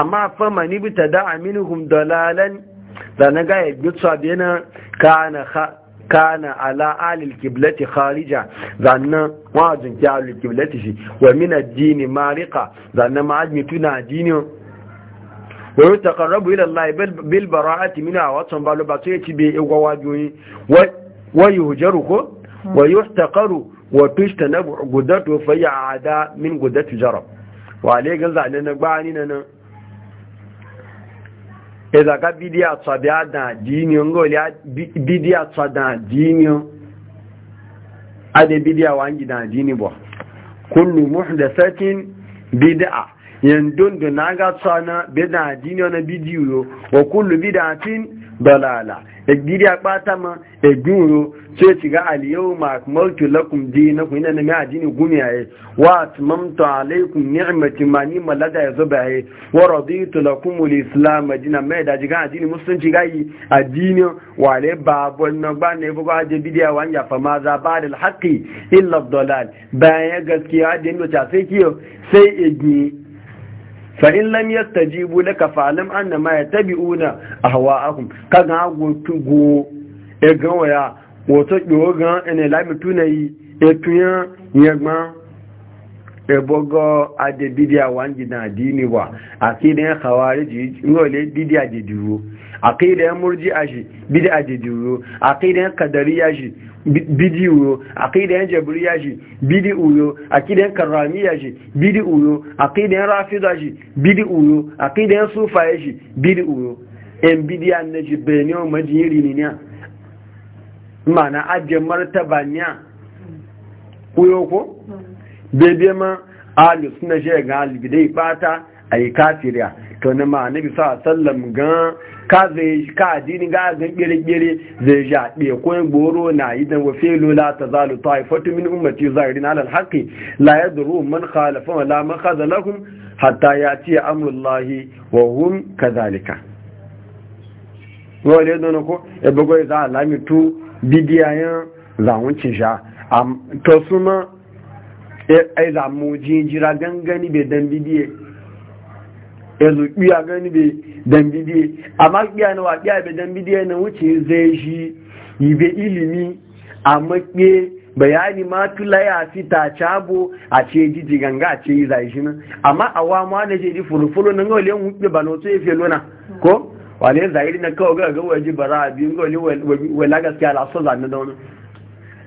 amma faman ibtada minhum dalalan zan ga ya gutsa be na kana kana ala alil kiblati kharija zanna wajin ki alil kiblati shi wa min ad-din mariqa zanna ma ajmi tuna dini wa yataqarrabu ila Allah bil bara'ati minha wa tanbalu batu yati bi igwawajoyi wa yuhjaru ko wa yuhtaqaru wa tushtanabu gudatu fa ya'ada min gudatu jarab wa alayhi ganza ne na gbani nan ẹ̀dà ká bídí àtọ̀bí àdàn àdíníọ̀ ngọ́lẹ̀ bídí àtọ̀dàn àdíníọ̀ adé bídí àwọn jìdàn àdíníbọ̀ kullu muhdathatin bid'a yandun da na ga tsana bid'a àdíníọ̀ na bídí yóò wa kullu bid'atin dalala egidi akpata ma eguro ce ci ga aliyau ma akmaltu lakum dinakum ina na mai gumiya gumiyaye wa atmamtu alaikum ni'mati ma ni malaga yazo baye wa raditu lakum alislam ajina mai da jiga ajini musulunci ga yi ajini wa le babo na ba ne bugo aje bidiya wa ya fama za badal haqi illa dalal ya gaskiya ajini ta sai kiyo sai egi fa'in lam yasta jibu fa kafalin an na ma ta biyu na a hawa akun kan hagu tugo gan gawaya wato ɗiwo gan ina lami tunayi ya e tuyan yagma ebogo ade bidia wanji na dini wa da ya khawariji ngole bidia diduro akida ya murji ashi bidia diduro akida ya kadariya shi bidiyo aqidan jabriya shi bidiyo aqidan karramiya shi bidiyo aqidan rafida shi bidiyo aqidan sufaya shi bidiyo en bidiyan ne ji benyo majiri ne mana ajiyar martaba ne kuyo ko bebe ma alu suna shi ga alibidai fata a yi kafiriya to na ma nabi sa sallam gan ka zai ka dini ga gan gire-gire zai ja ɗaya ko goro na idan wa felo la ta zalu ta min ummati zahirin ala alhaqi la yadru man khalafa wa la man khadha lahum hatta ya amru amrullahi wa hum kazalika wale don ko e bugo e za alami tu bidiyayen zawuncin sha to suma e, e ai mu jinjira gangani bai dan bidiyan yanzu biya gani be dan bidiye amma biya na waɗiya be dan na wuce zai shi yi ilimi a maƙe bayani ma tula ya fi ta cabo a ce jiji ganga a ce yi zai shi nan amma a wa ma na ce ji furufuru na gawale yin wuce ba na wato ya felo ko wale zahiri na kawo gaga bara wala gaskiya la so da wani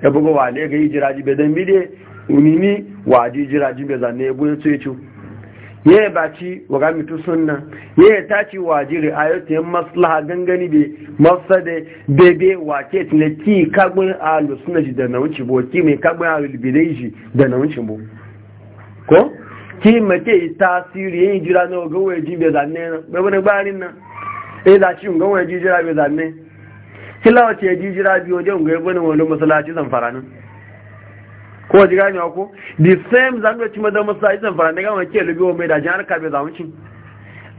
ya wale ga yi jiraji unini wa ya yi baci wa gamitu sunna ya yi taci wa jiri a yau yin maslaha gangani bai mafsa da bebe wa ke tina ki kagbun alu suna shi da nauncin bo ki mai kagbin alu libidai shi da nauncin bo ko ki mace yi tasiri yin jira na ogan waje ji bai zanne na bai wani gbarin na ya e za shi ogan waje jira bai zanne kilawace ya ji jira biyu wajen ga ya bane wani masalaci fara nan ko ji gani ko the same zan da cima da a isan fara daga wani ke lubi wa mai da jihar kabe zamu cin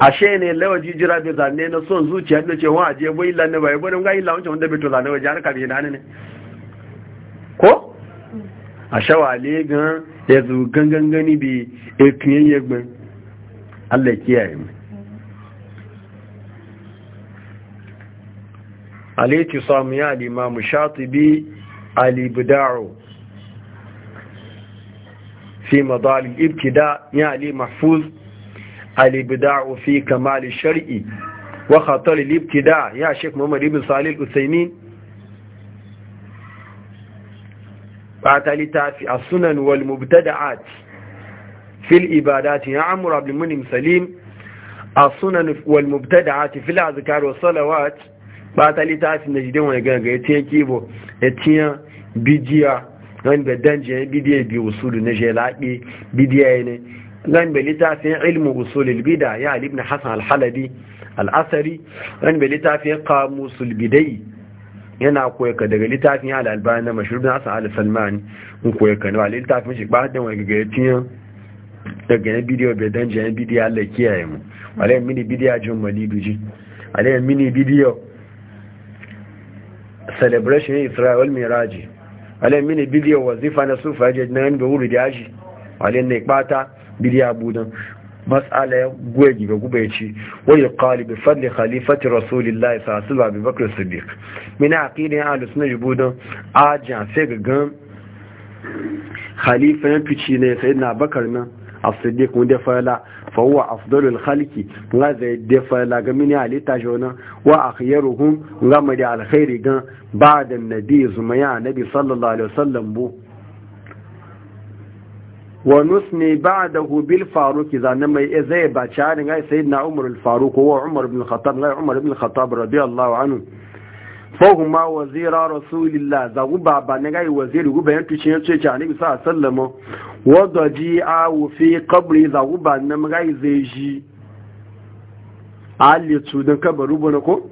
ashe ne lawa jijira bai zane na son zuciya da ce wa aje bai lanne ne bai bai ga illa wancan wanda bai to zanne wa jihar kabe da ne ko a shawale gan ya zu gangan gani bi e kiyen yegbe Allah kiyaye mu alaiti samu ya al shatibi al في مضال الابتداء يعني محفوظ الابداع في كمال الشرع وخطر الابتداء يا شيخ محمد بن صالح الأثيمين بعتلتا في السنن والمبتدعات في الإبادات يا عمرو بن منهم سليم السنن والمبتدعات في الأذكار والصلوات بعتلتا في النجدين ونقاقا يتين كيبو يتين بيجيا ran da danjiyar bidiyar biyu usulu na jelaɓe bidiyar ne ran da littafin ilmu usulul bida ya alibin hassan alhalabi al'asari ran da littafin kamusul bidai yana koyaka daga littafin ya al'albani na mashirin hassan al-salmani in koyaka na wale littafin shi ba ɓatan wani gagayyakin daga na bidiyar bai danjiyar bidiyar allah kiyaye mu wale mini bidiyar jin maliduji wale mini bidiyar celebration israel miraji alayin mini bidiyar wazifa na sufa yaje na yin gawuru da yaji alayin na ikpata bidiyar budan matsala ya goya giga guba ya ce wani kali bi fadli khalifati rasulillahi sasu ba bibakar siddiq mina aƙidin ahalus na jibudan ajiya sai ga gan khalifa ya na ne sai na bakar nan as-siddiq mun da fala fa huwa afdalul khalqi nga zai da fala ga mini halitta jona wa akhyaruhum nga ma da alkhairi gan ba'da an-nabi zumaya nabi sallallahu alaihi wasallam bu wa nusni ba'dahu bil faruq zan mai zai bacha ne ga sayyidina umar al-faruq wa umar ibn khattab ga umar ibn al-khattab radiyallahu anhu ma wazira rasulillah zagu baba ne gai waziri guba bayan tuci ya ce cani bisa sallama wadda ji a wufi kabri zagu ba ma gai zai ji alitu don kabaru bane ko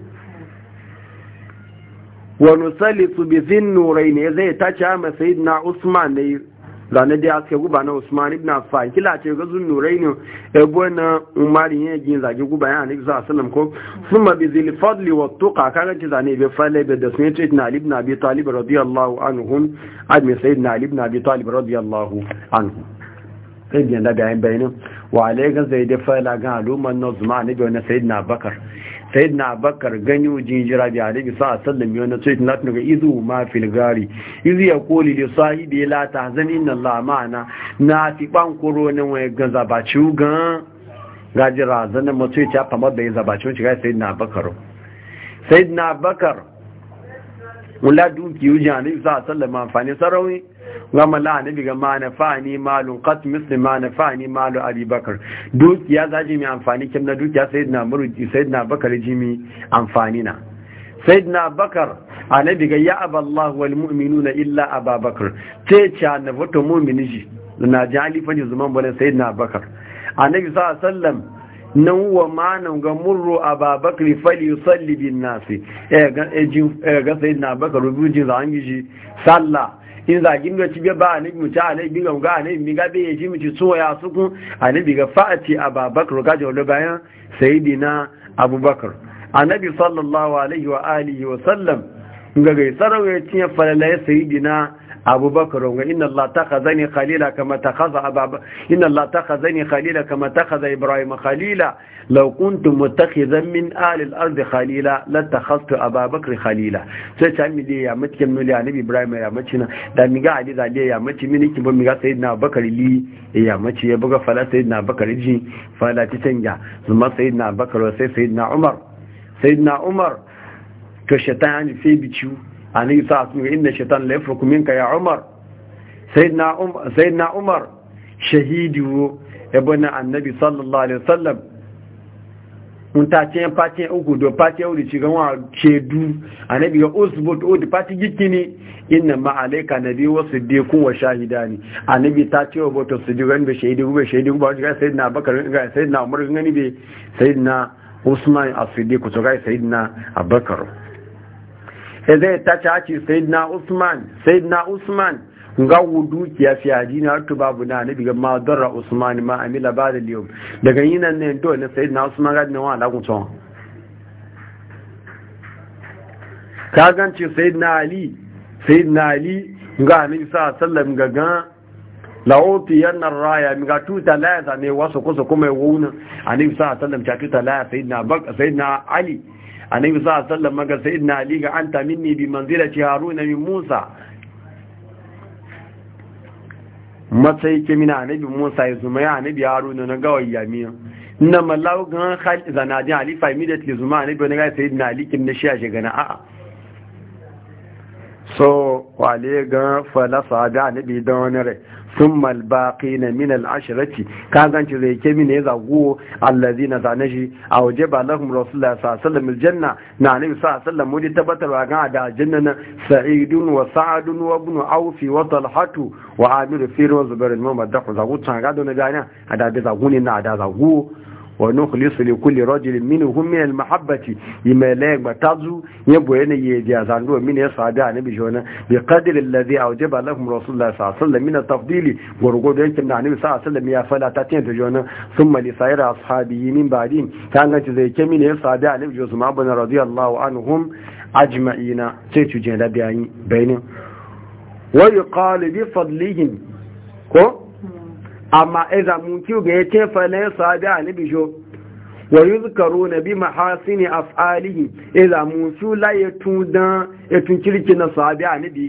wani salisu bi zin nurai ne zai tace a masayid na usman ne zane da ya guba na usman ibn affan kila ce ga zun nurai ne ebo na umar yin yin zage guba ya anabi sallallahu alaihi ko summa bi zil fadli wa tuqa kaga ci zane be fale be da sun ce na ali ibn abi talib radiyallahu anhum admi sayyidina ali ibn abi talib radiyallahu anhu kai biyan da bayan bayin wa alaikum zai da fala ga al'umman na zuma ne da na sayyidina bakar sai na bakar ganyo jinjira bi alibi sa sallam yana ce na tun ga izu ma fil gari izu ya koli da sahibi la tahzan inna allah ma'ana na fi ban koro ne wai ga zabaci gan gajira zanan mutu ya fama da ya zabaci shi ga sayyidina bakar na bakar wala duki yuji alibi sa sallam amfani sarawi wama la nabi ga mana fani malun qat misli manafani malu Ali bakar dukiya zaji mai amfani kin na dukiya sayyidina murji sayyidina bakar jimi amfani na sayyidina bakar annabi ga ya aballahu wal mu'minuna illa ababakar sai ce annabi to mu'mini ji na jali fa zuman bane sayyidina bakar annabi sallallahu alaihi wasallam nan wa manan ga murro a babakar fali yusalli bin nasi eh ga eh eh na bakar rubujin zangi ji sallah in zagin da cibe ba ni muta a anabi ga ga anabi mi ga be ji mu ci so ya sukun bi ga fa'ati ababakar ga jawlo bayan sayidina abubakar anabi sallallahu alaihi wa alihi wa sallam ga ga ya ci falala sayidina abubakar wa inna Allah takhazani khalila kama takhaza ababa inna Allah takhazani khalila kama takhaza ibrahim khalila law kuntum muttakhizan min ahli al-ard khalila latakhaztu ababakar khalila sai ta mi dai ya mace mun ya nabi ibrahim ya mace na da mi ga ali zaliya ya mace mini ki ba mi ga sayyidina abubakar li ya mace ya buga fala sayyidina bakar ji fala ta canja zuma sayyidina bakar sai sayyidina umar sayyidina umar to shaitan ya fi biciu ani sa su inna shaitan la yafruku minka ya umar sayyidina umar sayyidina umar shahidi wo ibn annabi sallallahu alaihi wasallam mun ta ce pati uku do pati uri ci gan wa chedu annabi ya usbut udi pati gikini inna ma alayka nabi wa siddiqu wa shahidani annabi ta ce wa to siddiqan be shahidi be shahidi ba ga sayyidina abakar ga sayyidina umar gani be sayyidina usman as-siddiq to ga sayyidina abakar zai ta caci sayyidina usman sayyidina usman ga ya fi hadini har tu babu na nabi ga madarra usman ma amila ba da liyom daga yi nan ne to ne sayyidina usman ga nan wala kun tsawon ka ganci sayyidina ali sayyidina ali ga nabi sa sallam ga ga la'uti yannar raya mi ga tuta laya zane wasu kusa kuma ya wuna a nabi sa sallam ta tuta laya sayyidina ali annabi sallallahu alaihi wasallam maga sayyidina ali ga anta minni bi manzilati haruna min musa matsayi ke mina annabi musa ya zuma ya annabi haruna na gawai yamiya na mallahu gan khal zanadi ali fa immediately zuma annabi ne ga sayyidina ali kin na shiya shiga na a'a so wale gan falasa da annabi don wani rai sun malbaƙi na minal ashirarci kan ganci zai ke mini ya zago Allah zina zane shi a waje ba lafin rasulullah sa'asallam aljanna na nabi sa'asallam wani tabbatar ga a da aljanna na sa'idun wa sa'adun wa bunu aufi wa talhatu wa amiru firin wa zubarin mu madakun zago can ga dona a da bai ne na da zago ونخلص لكل رجل منهم من المحبة إما لك بتعزو يبو أن يجازعنو من يسعد عن النبي جونا بقدر الذي أوجب لهم رسول الله صلى الله عليه وسلم من التفضيل ورقود أنت من النبي صلى الله عليه وسلم يا فلا تتين تجونا ثم لسائر أصحابه من بعدين كان زي كمين يسعد عن النبي جوز مابن رضي الله عنهم أجمعين سيتجين لبعين بينهم ويقال بفضلهم كو amma idan mun kiyu ga ya tefa na ya sabi a jo wa yi zukaro na bi mahasini af'alihi idan mun su la ya tun kirki na sabi a nabi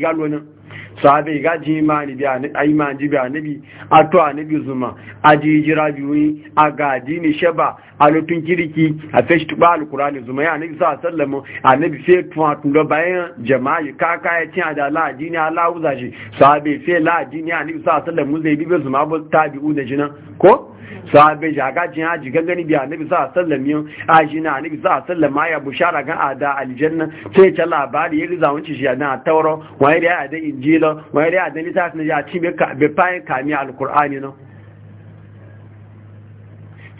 sahabe ga ji imani bi a imani ji bi anabi a to anabi zuma a jijira jira biyu a ga dini sheba a lutun kiriki a fesh tuba alkurani zuma ya anabi sa sallamu anabi fe tuwa tunda bayan jama'i ka ya cin da la dini ala uza shi sahabe fe la dini anabi sa sallamu zai bi zuma ba tabi'u da jina ko sahabe ja ga jin haji gangani bi anabi sa sallamu yin a na anabi sa sallama ya bushara ga ada aljanna sai ta labari ya riza wuce shi na tauro wani da ya da injil nan wani da ya da littafi na ya ci bai fayin kami alkur'ani nan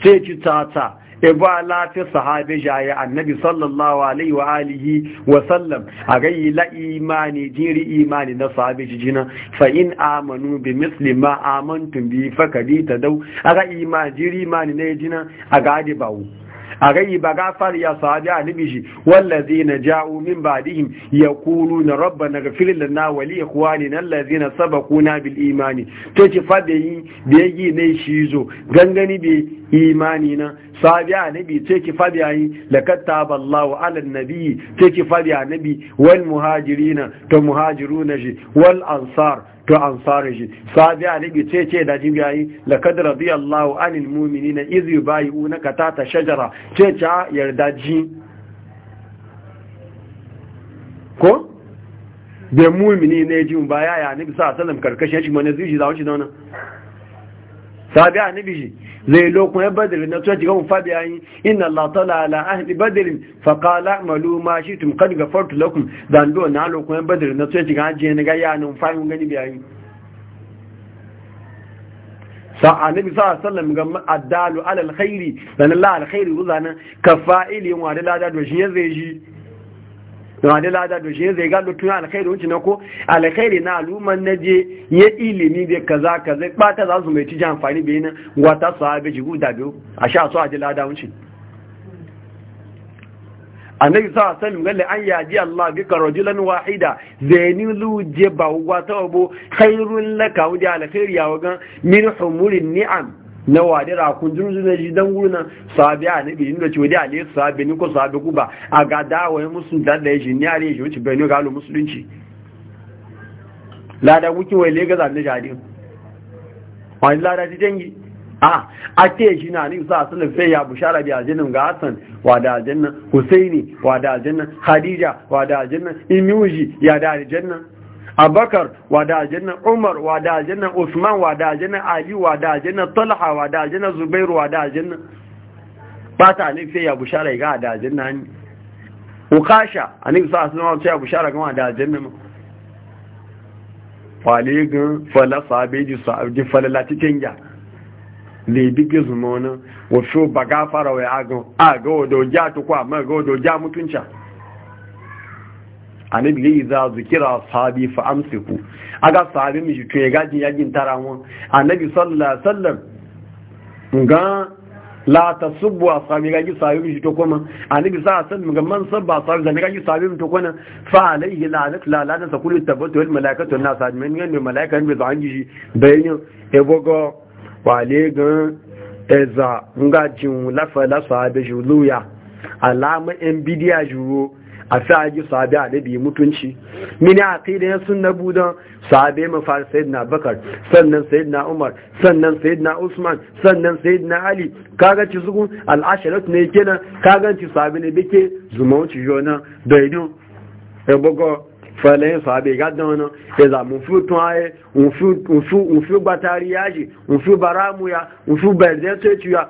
sai ci tata e ibu Sahabe sahabi jaye annabi sallallahu alaihi wa alihi wa sallam a gayi la imani jiri imani na sahabi jijina fa in amanu bi misli ma amantum bi fakadi a ga imani jiri imani na jina a adi bawo a gayi ba gafar ya sadi a nibishi wallazi na ja'u min ba'dihim yaqulu na rabba rabbana kuwa ne wa li ikhwanina allazina sabaquna bil imani to ci fada yi yi ne shi zo gangani bai imani na sadi a nibi ce ki fada yi laqad taballahu ala nabi ce ki fada nabi wal muhajirina to muhajiruna shi wal ansar to fara shi sabi alibi ce ce da jibiyayi laqad radiyallahu anil mu'minina iz yubayyi'unaka ta shajara ce ce ah, yarda ji ko da mu'mini ne ji ba ya ya nabi sallallahu alaihi wasallam karkashin shi mana zuci zawo shi da wannan sabi annabi zai lokun badr na tuwa jigan fa bayan inna allah ta'ala ala ahli badr fa qala amalu ma shi'tum qad ghafartu lakum dan do na lokun badr na tuwa jigan je ya ga ya nan fa mun gani bayan sa annabi sallallahu alaihi wasallam ga addalu ala alkhairi dan allah alkhairi wuzana ka fa'ili wa da lada do shi zai shi wani lada da shi zai gano tun alkhairi wuce na ko alkhairi na aluman na je ya ilimi bai kaza kaza ta za su mai ci amfani bai nan wata su haɓe jihu da biyu a sha su haji lada wuce annabi sa sallim galle an yaji Allah bi ka rajulan wahida zaini lu ba wata wabo khairun laka wudi alkhairi ya wagan min humurin ni'am na wadira rakun jirgin ji dan gurna sabi a nabi inda ci wadi su sabi ni ko sabi ku ba a ga dawaye musu da da shi ni are shi wuce bai ne galo musulunci lada wuki wai a zanne ne wani lada ji dangi a a ke shi na ni sa sunan sai ya bushara bi aljannan ga Hassan wada da aljannan husaini wa da aljannan khadija wa da aljannan ya da aljannan abakar wa da aljanna umar wa da aljanna usman wa da aljanna ali da aljanna talha da aljanna zubair da aljanna fata ne sai ya bushara ga da aljanna ne ukasha annabi sallallahu alaihi wasallam ya bushara ga da aljanna fale gan fala sabiji sabiji fala latikin ya le bige zumona wo sho baga fara wa agan aga do ja to kwa ma ga do ja mutunca annabi yayi za zikira sahabi fa amsiku aga sahabi mi shi tuye gajin yajin tara mu annabi sallallahu alaihi wasallam ga la tasubbu asabi gaji sahabi mi shi to kuma anabi sallallahu alaihi wasallam ga man sabba sahabi gaji sahabi mi to kuma fa alaihi la'anat la la'anat sakulu tabatu wal malaikatu an nas ajmain ne malaika ne da hanji bayin ebogo wale ga eza ngajin lafa la sahabi juluya alama en bidiya juro a sa'aji sahabi a ɗabi mutunci mini a kai da ya sun nabu don sahabi mafar sayidina bakar sannan sayidina umar sannan sayidina usman sannan sayidina ali kaganci zugun al'asharat ne kenan kaganci sahabi ne bike zumanci yona da idin ebogo falayin sahabe ga da wani ya za mun fi tun haye mun fi batari ya ya mú fi bẹ̀rẹ̀ tsoci ya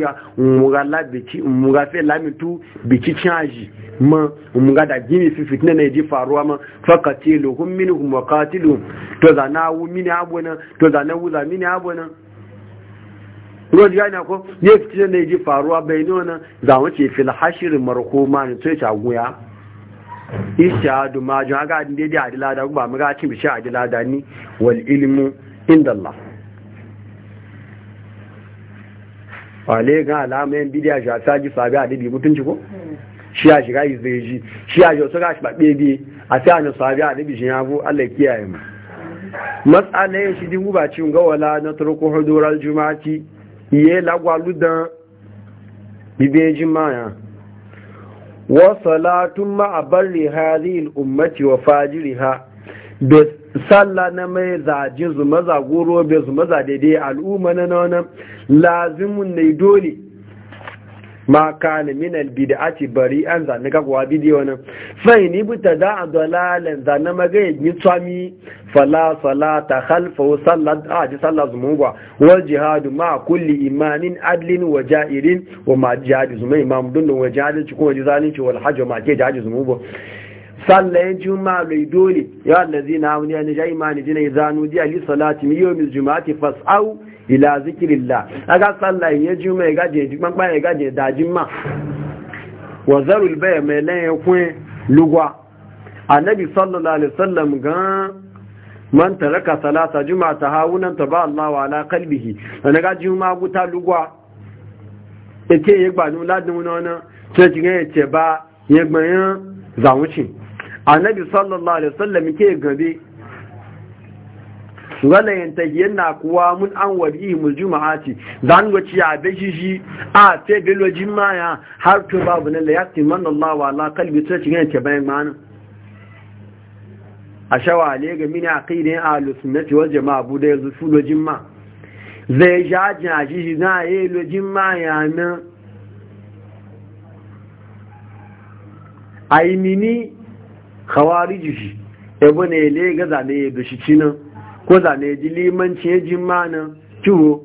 ya mun ga fi lamitu biki caji ma ga da gini fi fitina na ji faruwa ma fakati lohun mini za na wu mini za na ko ne faruwa bai nuna za wuce fil guya. ishadu ma jun aga adin daidai adila da guba mu cin bishi adila dilada ni wal ilmu inda Allah wale ga alama yin bidiya shi a saji sabi a dibi mutunci ko shi a shiga izreji shi a shi wasu ga shi baɓe bi a sai a na sabi a dabi shi ya bu Allah kiyaye mu matsala yin shi dingu ba cin gawala na turku hudurar juma'ati iye lagwaludan bibe jima'ya wasalatun salatun ma'abarri hadhihi ummati wa fajiriha da sallah na mai zaji zuma goro bai zuma za daidai al'umma na nan lazimun ne dole ma kana min albid'ati bari'an zanna ga gwa bidiyo nan fa ini buta da dalalan zanna maga yi tsami fala salata khalfa sallat a ji sallat zumuwa wa jihadu ma kulli imanin adlin wa ja'irin wa ma jihadu zuma imam dun wa jihadu cikin wa zalunci wal hajj ma ke jihadu zumuwa sallayen juma'a mai dole ya allazi na wani yana ja imani jina zanu di ali salati mi yomi juma'ati fas'au ila a ga sallayen ya juma'a ya gaje ji kpankpa ya gaje da jimma wa zarul bai mai laye kun lugwa annabi sallallahu alaihi sallam ga man taraka salata juma'a ta hawunan ta ba Allah wa ala A na ga juma'a guta lugwa ke ya gbanu ladin wani na ce ci ga ya ce ba ya gbayan zawucin annabi sallallahu alaihi wasallam ke gabe wala yantahiyan na kuwa mun an wadi mu juma'ati dan goci ya bashi shi a te belo jimaya har to babu ne la yati man Allah wa la kalbi ta cikin yake bayan mana a shawa ne ga mini aqidin ahlus sunnati wal jama'a bu da yanzu fulo jimma zai jaji a shi na yi lo jimaya nan mini khawariji shi ebo ne le ga zane ya dushi cina ko zane ya ji limanci ya ji mana kiwo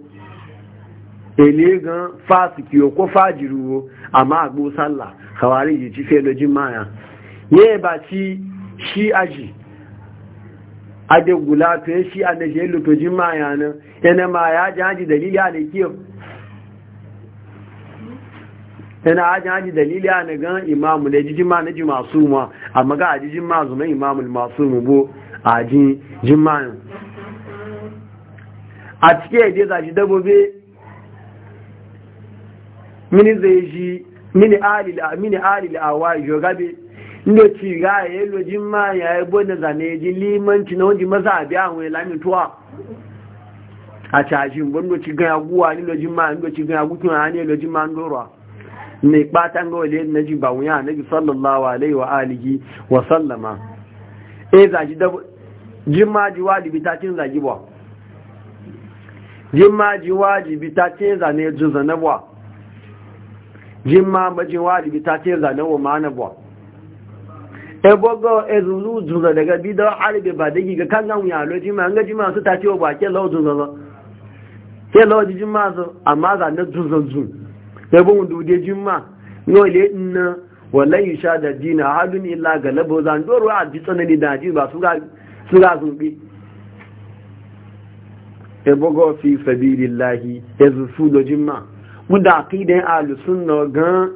Elegan gan fasiki ko fajiru amma agbo la khawariji ci fe lojin maya ye ba ci shi aji adegula to shi anaje lutojin ji mana yana ma ya ji haji dalili a da kiyo yana ajin haji dalili a nagan imamu da jijin ma na ji masu ma amma a jijin ma zuma imamu masu mu bo a jijin ma a cike yadda za shi dabobe mini zai shi mini alil wa yi gabe inda ci ga ya yi jin ma ya yi bane zane ji limanci na wajen maza a biya wani tuwa a cajin bane ci gaya guwa ni jin ma ni ci gaya gukin a ne jin ma ndorwa mai batan ga wale na ji ba wuya na bi sallallahu alaihi wa alihi wa sallama e zaji da jimmaji wajibi ta cin zagi ba jimmaji wajibi ta cin zane jin zane ba jimma majin wajibi ta cin zane wa ma'ana e, e, ba e ebogo ezulu junza daga bidon harbe ba da giga kan gan wuya lo ma nga jima su ta ce ba ke lo lawo junza ke lo jima su amma zane na junza yabon dude jimma nole na wa yi sha da dina hadun illa ga labo zan doro a ji tsanani da ji ba su ga zumbi ebogo fi sabilillahi yanzu su da jimma mu da aqidan ahlus sunna gan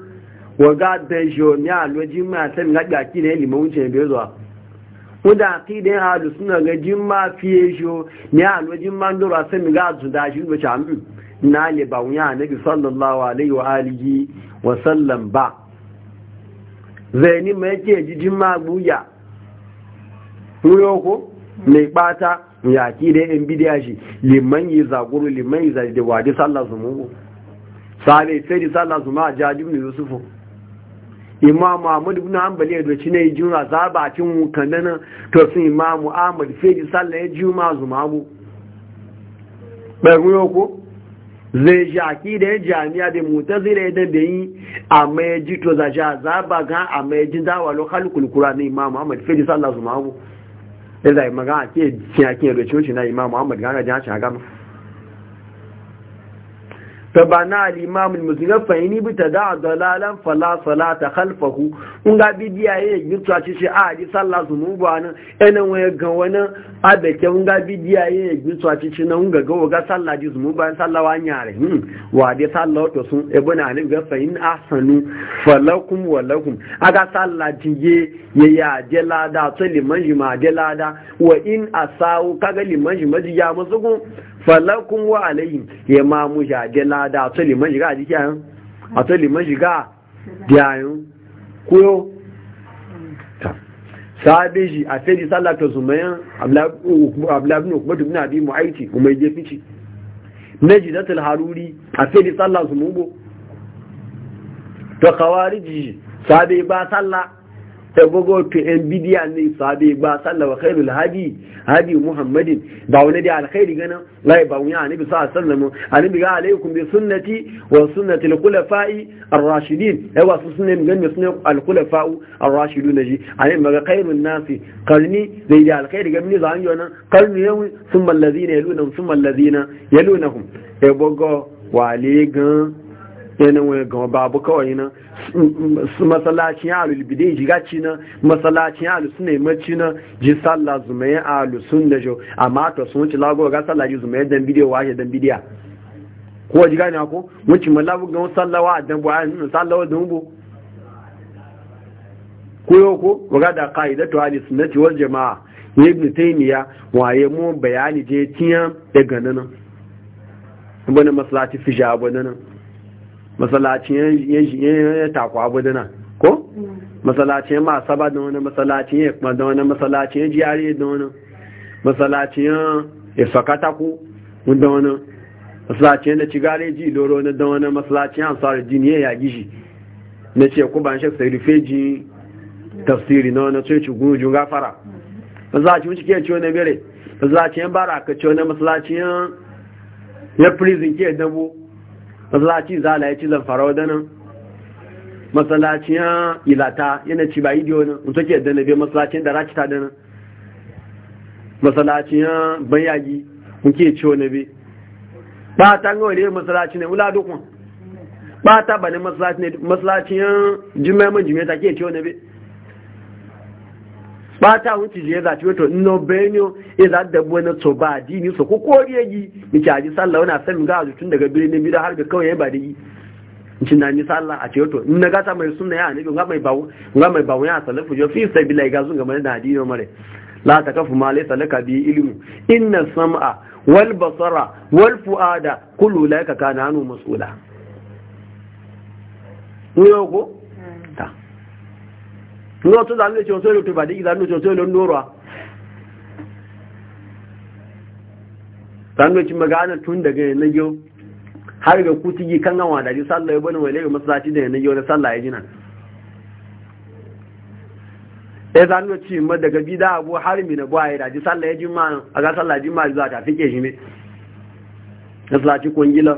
waga da jo ni ahlus jimma tan ga ga ki ne limun ce be zuwa mu da aqidan ahlus sunna ga jimma fi jo ni ahlus jimma ndoro san ga zu da shi do cha na wuya ya bi sallallahu alaihi wa alihi wa sallam ba zaini mai ke jijin maguya ko mai bata ya ki da yan bidiya shi liman yi zaguru liman yi zari da wadi sallallahu su mugu sabe sai di sallallahu su ma jaji ibn yusufu imamu ahmad ibn hanbali ya doci ne juma zabacin kanana to sun imam'u ahmad sai di sallallahu ya juma zumagu bai ko zai ji akidan jami'a da mutazila idan da yi a mai ji to za sha zaba ga a mai ji dawa lo khalqul na imam muhammad fadi sallallahu alaihi wasallam da zai magana ke cin akin da cin na imam muhammad gana jihar shagama tabana al-imam al-muslim fa yini bi tada dalalan fala salata khalfahu in ga bidiya yayi gitsa ci shi a ji sallah zunubu an enan waye ga wani abeke in ga ya yayi gitsa ci shi nan ga ga ga sallah ji zunubu an sallah wa nyare hmm wa de sallah to sun ibuna ne ga fa in ahsanu falakum wa lakum aga sallah ji ye ya je lada a to liman ji ma de lada wa in a asau kaga liman shi ma ji ya musu falakun wa alayhim ya ma mu la da to liman shiga a jiki ayan a to liman shiga diyayin kuyo sabe ji a sai salatu zumayan ablabin hukumatu bin abi mu'aiti kuma je fici na jidatul haruri a sai da sallah su mubo to kawariji sahabe ba sallah ta gogo to yan bidiya ne sabe ba sallawa khairul hadi hadi muhammadin ba wani da alkhairi gana lai ba wani annabi sa sallamu annabi ga alaikum bi sunnati wa sunnati al khulafa'i ar rashidin ai wa sunnati min ne sunnati al khulafa'u ar rashidun ji ai maga khairun nasi qarni dai da alkhairi ga ne zan yona qarni yau thumma alladhina yalunhum thumma alladhina yalunahum ai gogo wa gan yanin wani gama babu kawai na masallacin alu bidin jiga ci na masallacin alu suna imarci na ji sallah zumaye alu sun da jo amma to sun wuce lagowa ga sallah ji zumaye dan bidiyo washe dan bidiya ko ji gani ako wuce malabu ga sallawa dan bu ayi sallawa dan bu ko yo ko waga da qaidatu ahli sunnati wal jamaa ibn taymiya waye mu bayani je tiyan daga nan bana maslahati fija bana nan masalacin ya takwa abudana ko mm. masalacin ma saba da wani masalacin ya kuma da wani masalacin ya jiyari da wani masalacin ya sakata ku da wani masalacin da gare ji doro na da wani masalacin ansar jini ya yagi shi na ce ku ban shek sai rufe ji tafsiri na wani coci gunjun gafara masalacin cike ciwo na bere masalacin bara ka ciwo na masalacin ya prison ke dabo masallaci zala ya ci zamfara wadannan ya ilata yana ci ba idiyo nan mutu ke da nabe masalaci da rakita da nan masallacin bayagi muke ci wani bi ba ta ngawale masalaci ne wula dukun ba ta bane ne masalaci mun jimai ta ke ci wani bi bata wuce je za ta wato ino benio e za da buwa na so ba dini so ko ya yi mi ke aji sallah a san ga azu tun daga birnin bida har ga kawai ba yi. ci na ni sallah a ce wato in na gata mai sunna ya ne ga mai ga mai bawo ya salafu fujo fi sabila ga sun ga mai da dini mare la ta kafu ma laysa laka bi ilmu inna sam'a wal basara wal fuada kullu laika kana anu mas'ula ko lọ́wọ́ tó dánilé ṣe òṣèlú tó bàdé ìdánilé ṣe òṣèlú lóòrọ̀ dánilé ṣe magana tun daga yanayi har ga kuti yi kan gawa da ji sallah ya bane wale ga masalaci da yanayi wani sallah ya jina ya e dánilé ce ma daga bida abu har mi na buwaye da ji sallah ya jima a ga sallah jima zuwa ta fike shi ne masalaci kwangila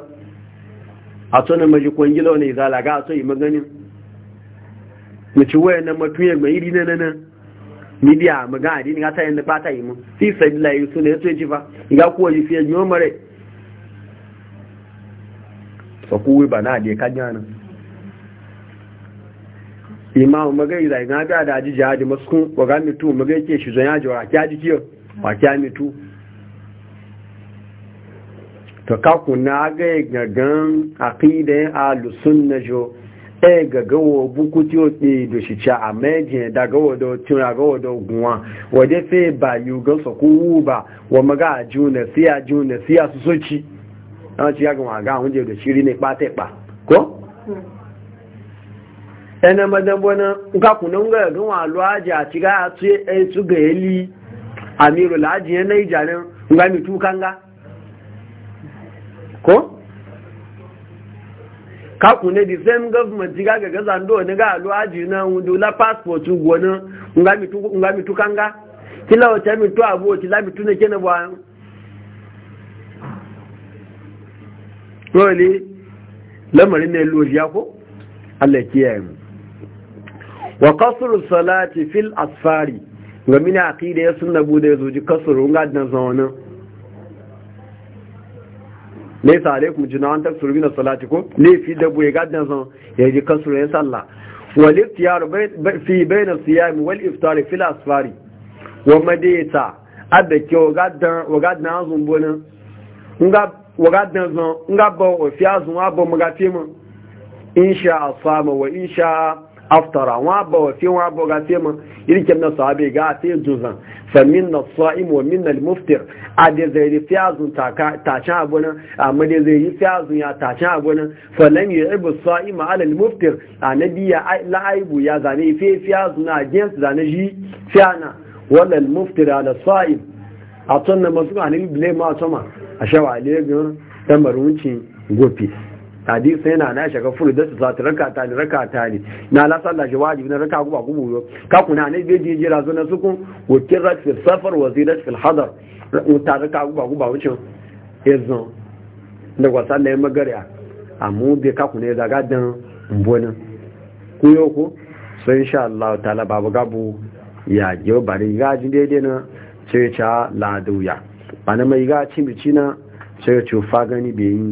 a tsonan maji kwangila wani zalaga a so yi maganin mace waya na matuye mai iri na na midiya maga adini ga tayin da ta yi mu fi sabila yi su ne yato yaji fa ga kuwa yi fiye yi mare so kuwa ba na de kan yana imam maga yi zai ga da ji jihadi masu wa ga mitu maga yake shi zan yaji wa kya ji kiyo wa kya mitu to kakuna ga gangan aqidan ahlus sunna jo e ga gawo buku ti o do shi cha da gawo do ti ra gawo do gunwa wa de fe ba yu ga so ku wu ba wa maga ajuna si ajuna si ga wa ga do shiri pa te pa ko ene bona ga wa lo aja ti ga e su ga eli amiru ne ko kaku ne the same government ga ga gaza ndo ne ga alu aji na ndo la passport gwona ngami tu ngami tu kanga kila o chami tu abu ti kila mitu ne kene bwa roli lamarin ne ya ko Allah kiyaye mu wa qasru salati fil asfari ga mina aqida ya sunna bude zuji kasuru nga dan zawana ne laisa alaikum junahun taksuru suru as-salati ko ne laifi ya buye gadan san ya ji suru ya salla wal ikhtiyar fi bayanar as-siyam wal iftar fi al-asfari wa madita adda ke gadan wa gadan azun bona nga wa gadan zan nga ba ofi azun abo magafi mu insha asama wa insha aftara wa ba wa fi wa ga sai ma irkin na sahabe ga sai juzan fa minna sa'im wa min na muftir a da zai yi fiyazun taka tashin a amma da zai yi fiyazun ya tashin abuna fa lam yu'ibu sa'im ala al-muftir annabi ya la'aibu ya zane fi fiyazun a jinsu zane shi fiyana wala a da ala sa'im a tunna masu bi blema mu a a shawa legon tamarunci gopi hadisi yana na shaka furu da su sati raka ta ne raka ta ne na la sallah shi wajibi na raka guba gubu yo ka kuna ne beji jira zo na sukun wakil kirrat fi safar wa zidat fil hadar ta raka guba guba wuce yanzu da kwa sallah magariya amma bai ka kuna ya zaga dan mbona ku yo ko sai insha Allah ta'ala babu gabu ya yo bari gaji daidai na cewa cha la duya bana mai ga bici na cewa ya fa gani bai yi